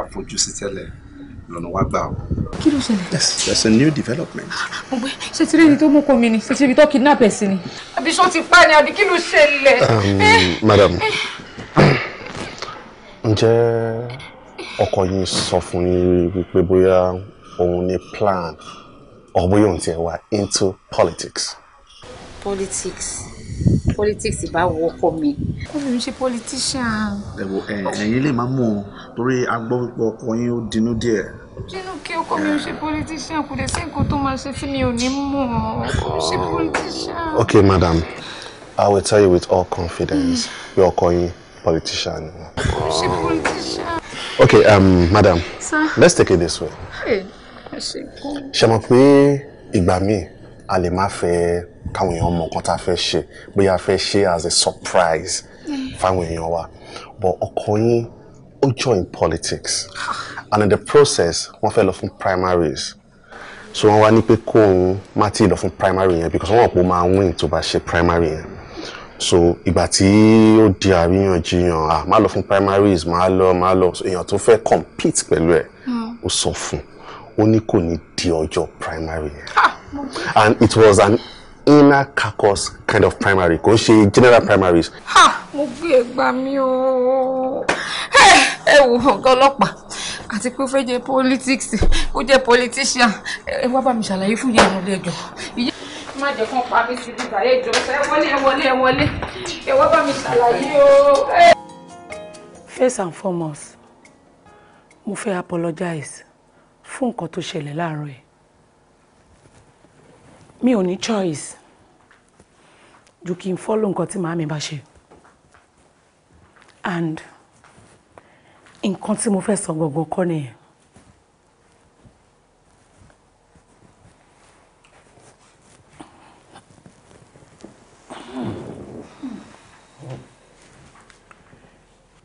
lọ́nà wá gbà o. kí ló ṣẹlẹ̀. yes there's a new development. Ah, ọgbẹ ṣé ti rí ibi tó mú kọ mi ni ṣé ti ibi tó kidnap ẹ sí ni. àbí sọ ti pa ni àbí kí ló ṣẹlẹ̀. Um, eh, eh. madam ǹjẹ́ ọkọ yín sọ fún yín wípé bóyá òun ní plan or bóyá wá into politics. politics politics bá wọ ọkọ mi ó ní mi ṣe politician. ẹ wo ẹ̀yin lè má mú un torí agbọ́ pípọ̀ ọkọ yín ó dinú díẹ̀. dinú kí ọkọ mi ṣe politician kò dé sí nǹkan tó máa ṣe tí mi ò ní mú un ó ṣe politician. okay madam i will tell you with all confidence mm. pé ọkọ yín politician ni wọn. ó ṣe politician. okay um, madam Sir? let's take it this way. ṣe mọ̀ pé ìgbà míì a lè má fẹ́ káwọn èèyàn mọ nǹkan tá a fẹ́ ṣe bóyá a fẹ́ ṣe as a surprise fáwọn èèyàn wa but ọkọ yín ó join politics ah. and in the process wọ́n fẹ́ lọ fún primaries so wọ́n wá ní pé kó òun má tí ì lọ fún primary yẹn because wọ́n mọ̀ pé máa win tó bá ṣe primary yẹn so ìgbà tí ó di àríyànjiyàn ah, má lọ fún primaries má lọ má lọ èèyàn tó fẹ́ compete pẹ̀lú ẹ̀ hmm. ó sọ fún un ó ní kò ní di ọjọ́ primary yẹn ah. and it was an inner carcass kind of primary kò ṣe general primaries. ha mo gbé ẹgbà e mi o ẹ wo ọ̀gá ọlọ́pàá àti pé ó fẹ́ jẹ́ politics ó jẹ́ politician ẹ wá bá mi ṣàlàyé fún yẹn ìrọ̀lẹ́ ẹjọ́. má jẹ́ kán pa mí sí ibà ẹjọ́ ẹ wọlé ẹ wọlé ẹ wọlé ẹ wá bá mi ṣàlàyé o. first and foremost mo fẹ́ apologize fún nǹkan tó ṣẹlẹ̀ láàárọ̀ ẹ̀ mi ò ní choice ju kí n follow nǹkan tí màá mi bá ṣe and nǹkan tí mo fẹ́ sọ gbọ̀ngàn kọ́ nìyẹn.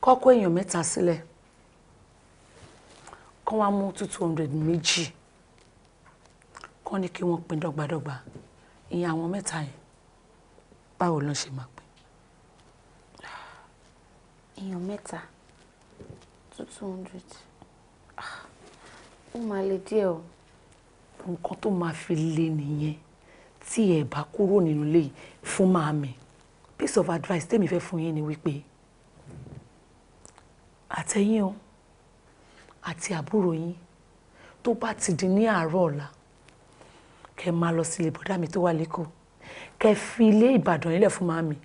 kọ́kọ́ èèyàn mẹ́ta sílẹ̀ kọ́ wá mú two hundred méjì kọ́ ní kí wọ́n pín dọ́gbadọ́gba ìyẹn àwọn mẹ́ta yẹn báwo ló ń ṣe máa pè. èèyàn mẹ́ta two two hundred ah, ó máa le díẹ̀ o. nǹkan tó máa fi le nìyẹn tí ẹ bá kúrò nínú ilé yìí fún màámi piece of advice tèmi fẹ́ fún yín ni wípé àtẹ̀yìn o àti àbúrò yín tó bá ti di ní àárọ̀ ọ̀la kẹ́ máa lọ sílé bọ́dá mi tó wà lẹ́kọ̀ọ́ kẹ́ fi ilé Ìbàdàn yín lẹ̀ fún màmí.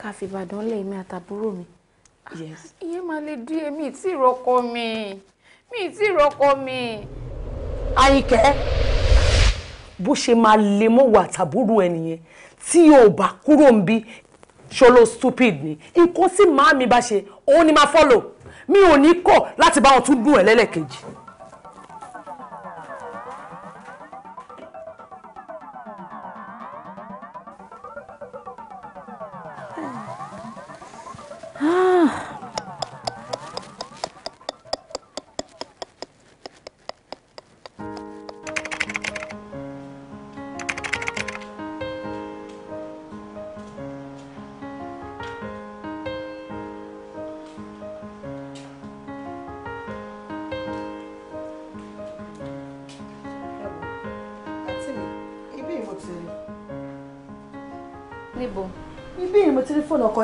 ká fi Ìbàdàn lẹ̀ èmi àtàbúrò mi. ìyẹn máa lè dí èmi tí ìrọ́kọ mi mi tí ìrọ́kọ mi. àyìnkẹ́ bó ṣe máa lè mọ́ wà tàbúrò ẹ nìyẹn tí o bá kúrò ń bí ṣọlọ stupid ni nǹkan tí màmí bá ṣe òun ni máa fọ́lò mi ò ní kọ̀ láti bá wọn tún dùn ẹ lẹ́lẹ́kejì.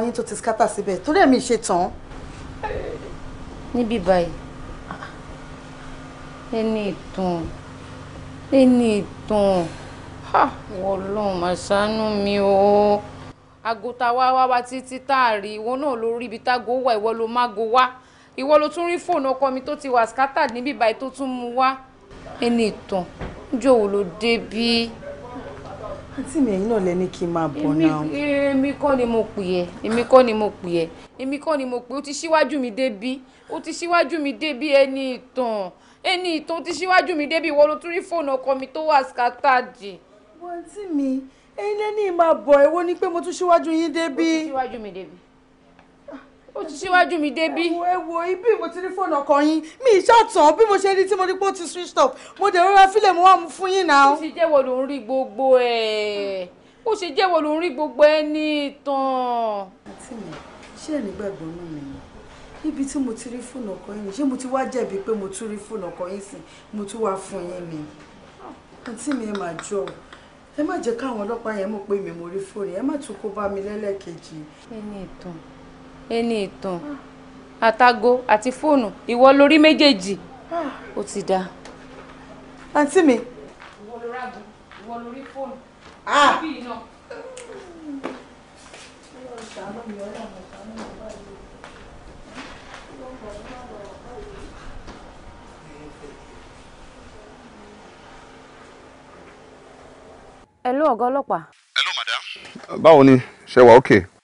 yín tó ti skátà síbẹ̀ torí ẹ̀mí ṣe tán. níbí báyìí ẹni ìtàn ẹni ìtàn wọ́n lòun máa mi o aago tá a wá wá wá títí tá a rí ìwọ náà ló rí ibi tágo wà ìwọ ló má go wá ìwọ ló tún rí fóònù ọkọ mi tó ti wà scattered níbí báyìí tó tún mú wá ẹni ìtàn níjọ́ wo ló dé àǹtí mi ẹ̀yin náà lẹ ní kí n máa bọ̀ náà. èmi kọ́ ni mo pè ẹ́ èmi kọ́ ni mo pè ẹ́ èmi kọ́ ni mo pè ó ti ṣíwájú mi débí ó ti ṣíwájú mi débí ẹni ìtàn ẹni ìtàn ó ti ṣíwájú mi débí ìwọ ló tún rí fóònù ọkọ mi tó wà skátàdì. wọ́n àǹtí mi ẹ̀yin lẹ́ni máa bọ̀ ẹ̀wọ́ ni pé mo tún ṣíwájú yín débí. ó ti ṣíwájú mi débí ó ti síwájú mi débí. ẹ wo ibi mo ti rí fóònù ọkọ yín mi ìṣàtàn bí mo ṣe rí tí mo rí pé ó ti switch off mo dẹ̀ rọra fílẹ̀ mo wá mu fún yín náà. ó ti jẹ́wọ́ ló ń rí gbogbo ẹ̀ ó ṣe jẹ́wọ́ ló ń rí gbogbo ẹ̀ ní ìtàn. àǹtí mi ṣé ẹ̀ nígbàgbọ́ mi ni níbi tí mo ti rí fóònù ọkọ yín ṣé mo ti wá jẹ̀bi pé mo tún rí fóònù ọkọ yín sí mo tún wá fún yín ni àǹtí mi ẹ máa jọ ẹ má jẹ́ káwọn ọlọ́pàá yẹn mọ̀ pé mi mo rí fóònù ẹ má tún kó bá mi lẹ́lẹ́kejì. ẹni ìtàn ẹni ìtàn àtago àti fóònù ìwọ lórí méjèèjì ó ti dá. àǹtí mi. ìwọ lórí àgbo ìwọ lórí fóònù. Ah! bí iná. hello ọ̀gá ọlọ́pàá. hello madam. báwo ni ṣe wà ókè. Okay?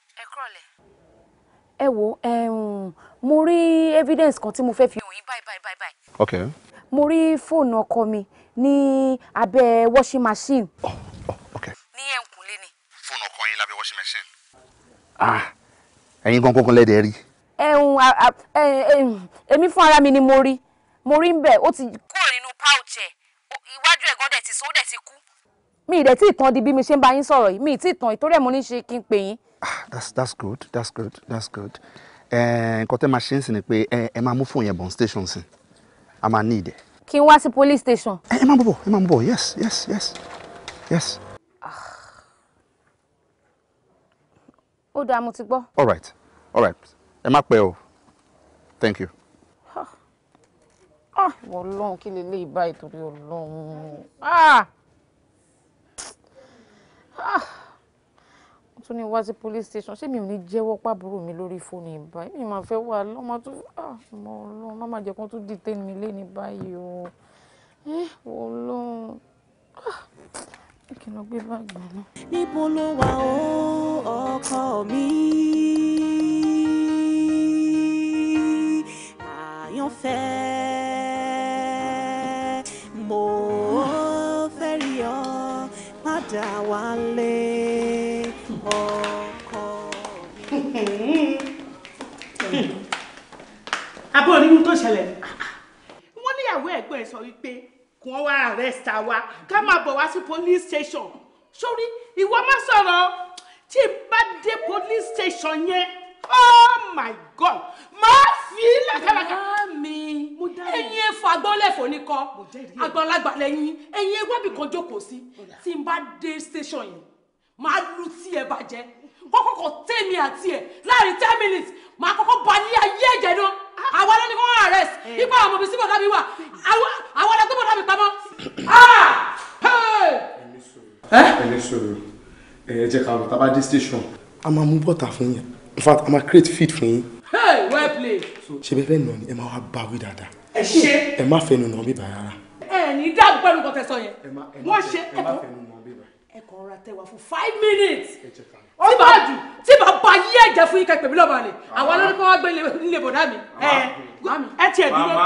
ẹ wo mo rí evidence kan tí mo fẹ́ fi hàn yín báyìí báyìí báyìí. ok. mo rí fóònù ọkọ mi ní abẹ́ washing machine. oh oh ok. ní ẹ̀ǹkúnlé ni. fóònù ọkọ yín lábẹ́ washing machine. ah ẹ̀yin gan kankan lẹ́dẹ̀ẹ́ rí. ẹ̀hún èmi fún ara mi ni mo rí mo rí ń bẹ̀ ó ti. kúrò nínú pouch ẹ̀ iwájú ẹ̀gán dẹ̀ ti so ó dẹ̀ ti kú. mi ì dẹ̀ tí ì tán di bí mi ṣe ń bá yín sọ̀rọ̀ yìí mi ì tí ì tán ìtórẹ́ mo ní ṣe kí n pè yín ah that's that's good that's good that's good eh, nǹkan tẹ́ máa ṣe ń sìn ni pé ẹ máa mú fóònù yẹn bọ̀ station sí a máa ní ìdẹ. kí n wá sí police station. ẹ máa bọ̀ ẹ máa bọ̀ yes yes yes yes. Ah. ó dáa mo ti gbọ́. all right all right ẹ má pẹ́ o thank you. Ah. Ah, ọlọ́run kí lè lé ìbá ìtòrí ọlọ́run tún ní wá sí police station ṣé mi ò ní jẹ́wọ́ pàbúrò mi lórí fóònù ìbá mi máa fẹ́ wà lọ́mọ tó mọ ọlọ́run má má jẹ́ kó tún detain mi lé ní báyìí o ọlọ́run kí n gbé báàgì náà. níbo ló wà ó ọkọ mi àyànfẹ́ mo fẹ́ rí ọ padà wálé. irú tó ṣẹlẹ̀. wọ́n níyàwó ẹ̀gbọ́n ẹ̀ sọ wípé kí wọ́n wá arrest wa ká máa bọ̀ wá sí police station sórí ìwọ má sọ̀rọ̀ tí n bá dé police station yẹn oh my god máa fi làkàlàkà. mi ẹyin efo agbọ́nlẹ̀fọ́ ní kọ́ agbọ́nlágbà lẹ́yìn ẹyin ewébì kan jókòó sí tí n bá dé station yẹn máa lu tí ẹ bàjẹ́ kọ́kọ́ kọ́ tèmi àti ẹ̀ láàrin ten minutes máa kọ́kọ́ balẹ̀ ayé ẹ̀jẹ̀ náà àwọn ló ní kó wọ́n arrest ipò àwọn òbí sí bọ̀dá mi wà àwọn ọ̀dà tó bọ̀dá mi pamọ́. Ah! Ah! ẹni sọ̀rọ̀ ẹ jẹ́ ká lọ tá a bá dé station. a máa mú bọ́tà fún yín in fact a máa create feed fún yín. well played. ṣe bẹ́ẹ̀ fẹ́ nà ni ẹ máa wá báwí dáadáa. ẹ ṣe. ẹ má fẹnu nà bíbá rárá. ẹ ní dáàbò pẹ̀lú kọ́tẹ́sọ yẹn wọ́n ṣe ẹ̀kọ́ ẹ̀kọ́ ra tẹ̀wá fún five minutes. ẹ jẹ́ ká ó bá jù tí bàbá yí ẹ̀jẹ̀ fún yín kẹ́ pèmí lọ́ba lè àwọn olórí kan wá gbé nílé bòdá mi ẹ tiẹ̀ dúró.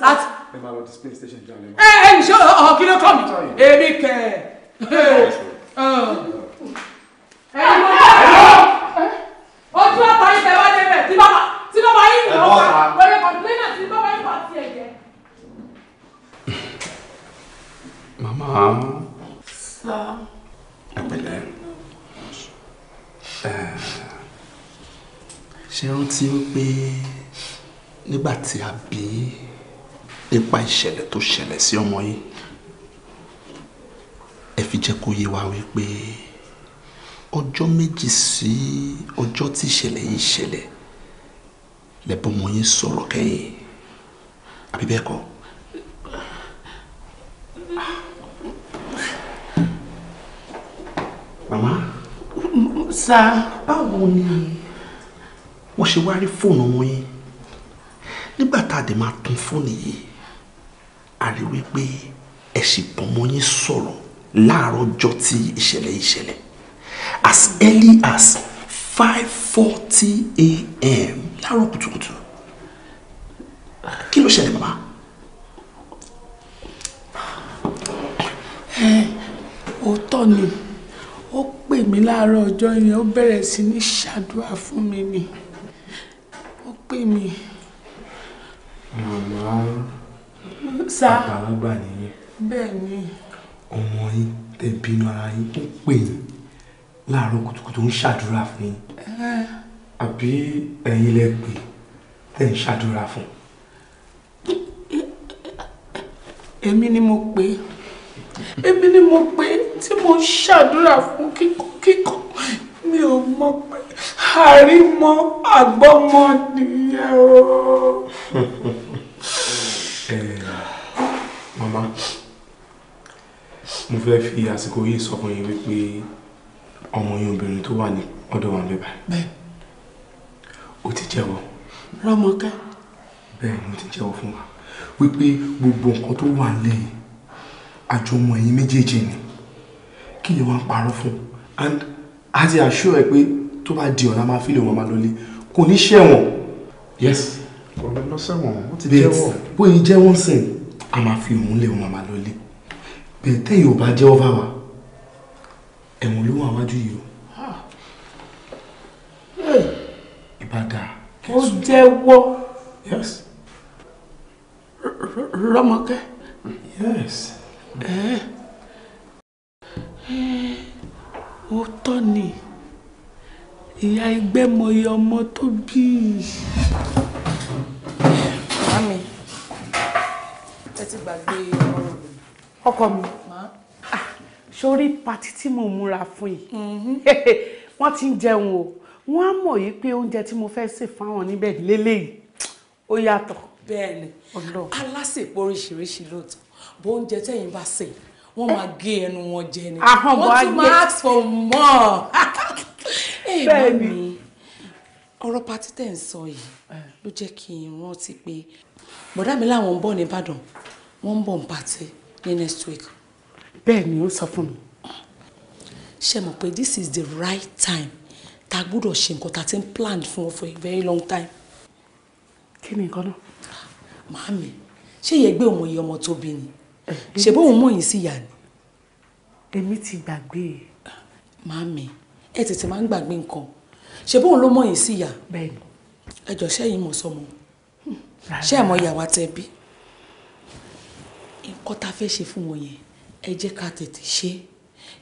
sati. ẹ máa lọ display station jẹ́ alẹ́ mọ́. ẹ ẹ ǹṣẹ́ ọ̀hún kí ló kọ́ mi èmi kẹ̀ ẹ ojú ọ̀tá yìí wá débẹ̀ tí bàbá tí bàbá yìí lọ́ wá lórí kọ̀ǹtínà tí bàbá yìí wà sí ẹ̀jẹ̀. màmá. sá. ẹ pẹ̀lẹ́ ṣe rántí pé nígbà tí a bí nípa ìṣẹ̀lẹ̀ tó ṣẹlẹ̀ sí ọmọ yìí ẹ fi jẹ́ kó yé wa wípé ọjọ́ méjì sí ọjọ́ tí ìṣẹ̀lẹ̀ yìí ṣẹlẹ̀ lẹ́bọ̀mọ yín sọ̀rọ̀ kẹ́yìn àbí bẹ́ẹ̀ kọ́. sá báwo ni wọ́n ṣe wá rí fóònù ọmọ yín nígbà tá a dẹ̀ máa tún fóònù yìí a rí wípé ẹ sì bọ́mọ yín sọ̀rọ̀ láàárọ̀ ọjọ́ tí ìṣẹ̀lẹ̀ ìṣẹ̀lẹ̀ as early as five forty a.m. láàárọ̀ kùtùkùtù kí ló ṣẹlẹ̀ bàbá. òótọ́ ni ó pè mí láàárọ̀ ọjọ́ yẹn ó bẹ̀rẹ̀ sí ní ṣàdúrà fún mi ni ó pè mí. màmá àgbàlagbà nìyẹn. bẹ́ẹ̀ ni. ọmọ yín tẹ̀ bínú ara yín ó pè yín láàárọ̀ kùtùkùtù ń ṣàdúrà fún yín àbí ẹ̀yin lẹ pè tẹ̀ ń ṣàdúrà fún. èmi ni mo pè èmi ni mo pè tí mo ṣàdúrà fún kíkọ kíkọ mi ò mọ pé àrímọ àgbọmọ nìyẹn o. <laughs> Eh, mama mo fẹ́ fi àsìkò yìí sọ fún yín wípé ọmọ yín obìnrin tó wà ní ọ̀dọ̀ wa bẹ́ẹ̀ báyìí ó ti jẹ́wọ́. rọmọkẹ́. bẹ́ẹ̀ ni ó ti jẹ́wọ́ fún wa wípé gbogbo nǹkan tó wà nílẹ̀ àjọmọ̀ ẹ̀yin méjèèjì ni kí lè wá ń parọ́ fún and a ti assure ẹ pé tó bá di ọ̀nà máa fílẹ̀ wọn máa lọlé kò ní ṣẹ̀wọ̀n yes. kò lè lọ sẹ́wọ̀n wọ́n ti jẹ́wọ́. bóyá jẹ́wọ́n sìn a máa fi òun lé wọn máa lọlé bẹ́ẹ̀ tẹ́yìn ò bá jẹ́wọ́ bá wa ẹ̀wọ̀n ló wà wájú yìí o. ìbàdà. ó jẹ́wọ́. yes. Rọ́mọkẹ́. yes. ẹ̀ẹ́ òótọ́ ni ìyá ẹgbẹ́ mọyì ọmọ tó bí. mami ẹ ti gbàgbé ọ̀rọ̀ mi. ọkọ mi ah, sórí patí tí mo múra fún yìí mm-hmm. <laughs> wọ́n ti ń jẹun o wọ́n á mọ̀ yìí pé oúnjẹ tí mo fẹ́ sè fáwọn níbẹ̀ lélẹ́yìí ó yàtọ̀. bẹ́ẹ̀ni alásèpọ̀ oríṣiríṣi lóòótọ́ bó oúnjẹ tẹ̀yin bá sè é wọ́n máa gé ẹnu wọn jẹ ni wọ́n tún máa ask for more. <laughs> bẹ́ẹ̀ ni ọ̀rọ̀ pati tẹ̀ ń sọ yìí ló jẹ́ kí n rántí pé bọ̀dá mi láwọn ń bọ̀ ní Ìbàdàn wọ́n ń bọ̀ ń pati ní next week. bẹ́ẹ̀ ni ó sọ fún mi. ṣe mọ̀ pé this is the right time ta gbọ́dọ̀ ṣe nǹkan ta ti ń plan fún ọ for a very long time. kí ni nǹkan náà. màámi ṣé ìyẹn gbé ọmọ ọmọ tó ni ṣe bóun mọ̀ yín sí ìyá ni. èmi ti gbàgbé e. màámi ẹ tètè máa ń gbàgbé nǹkan ṣe bóun ló mọ̀ yín sí ìyá. bẹ́ẹ̀ni. ẹ jọ sẹ́yìn mọ̀ sọmọ ṣé àmọ́ ìyàwó àtẹ̀bí nǹkan tá a fẹ́ ṣe fún wọn yẹn ẹ jẹ́ ká tètè ṣe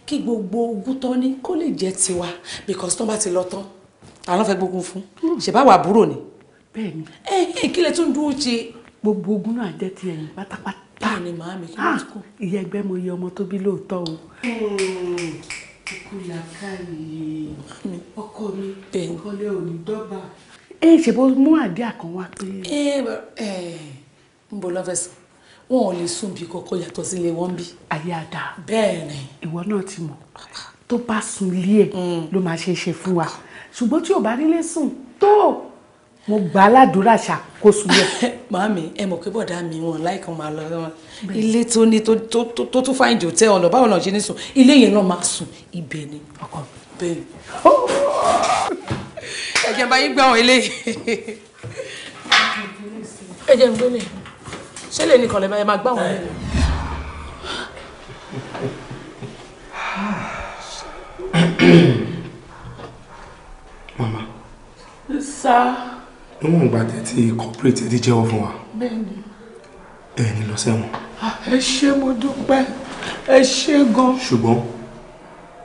kí gbogbo ogún tán ní kó lè jẹ́ tiwa because tán bá ti lọ tán àwọn fẹ́ gbógun fún ṣèbáwò àbúrò ni. bẹ́ẹ̀ni. ẹ ẹ kí lè tún dúró ṣe. gbogbo ogún náà jẹ́ ti ẹ̀yìn pátápátá báwo ni màámi kí ló ah, ti kú. ìyá ẹgbẹ́ mo yẹ ọmọ tó bí lóòótọ́ o. Hmm, ikú làákàyè ọkọ mi ìkọlẹ̀ òní dọ́gba. ẹ ṣe bó mú àdé àkànwá pé. ẹ ń bọ̀ lọ́fẹ̀sì wọn ò lè sùn bí kọ̀ọ̀kan yàtọ̀ sílé wọn bí. ayé àdá bẹ́ẹ̀ ni. ìwọ náà ti mọ̀ tó bá sùn lé ẹ̀ hmm. ló máa ṣe é ṣe fún wa ṣùgbọ́n tí ò bá nílé sùn tó mo gbà á ládùúrà ṣàkóso rẹ. <laughs> màámi ẹ mọ̀ pé bọ̀dá mi wọn láìkan máa lọ wọn ilé tó ní tó tún fáìn jò tẹ ọ̀nà báwo náà ṣe ní sùn ilé yẹn náà máa sùn ibẹ̀ ni. ọkọ bẹ́ẹ̀ ẹ̀jẹ̀ bá yín gbà wọ́n ilé ẹ̀jẹ̀ ń gbélé ṣé lè nìkan lẹ́mọ̀ ẹ máa gbà wọ́n ilé. mama. sá níwọ̀n ìgbà tẹ́ ti corporate ti jẹ́wọ́ fún wa bẹ́ẹ̀ni ẹ ní lọ sẹ́wọ̀n. ẹ ṣé mo dúpẹ́ ẹ ṣé gan. ṣùgbọ́n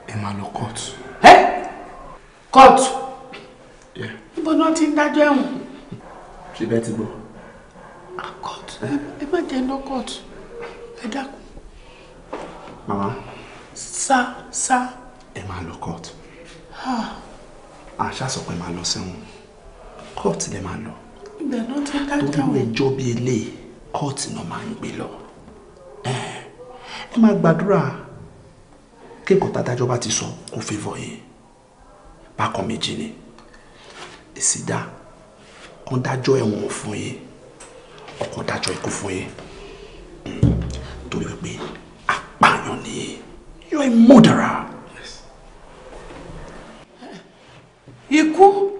ẹ máa lọ kóòtù. ẹ kóòtù níbo ni wọ́n ti ń dájọ́ ẹ̀wọ̀n. ṣe bẹ́ẹ̀ ti gbọ́. kóòtù ẹ má jẹ́ iná kóòtù ẹ dákun. màmá. sá sá. ẹ máa lọ kóòtù. àṣà sọ pé máa lọ sẹ́wọ̀n court lè máa lọ. ìgbà náà ti ká dáwọ̀. torí ẹjọ́ bíi eléyìí court náà máa ń gbé lọ. ẹ máa gbàdúrà kéèkó tádájọ́ bá ti sọ kó favour yín bákan méjì ni èsì dá kan dájọ́ ẹ̀wọ̀n fún yín ọkọ̀ dájọ́ ikú fún yín torí wípé apààyàn ni you are a murderer. ikú.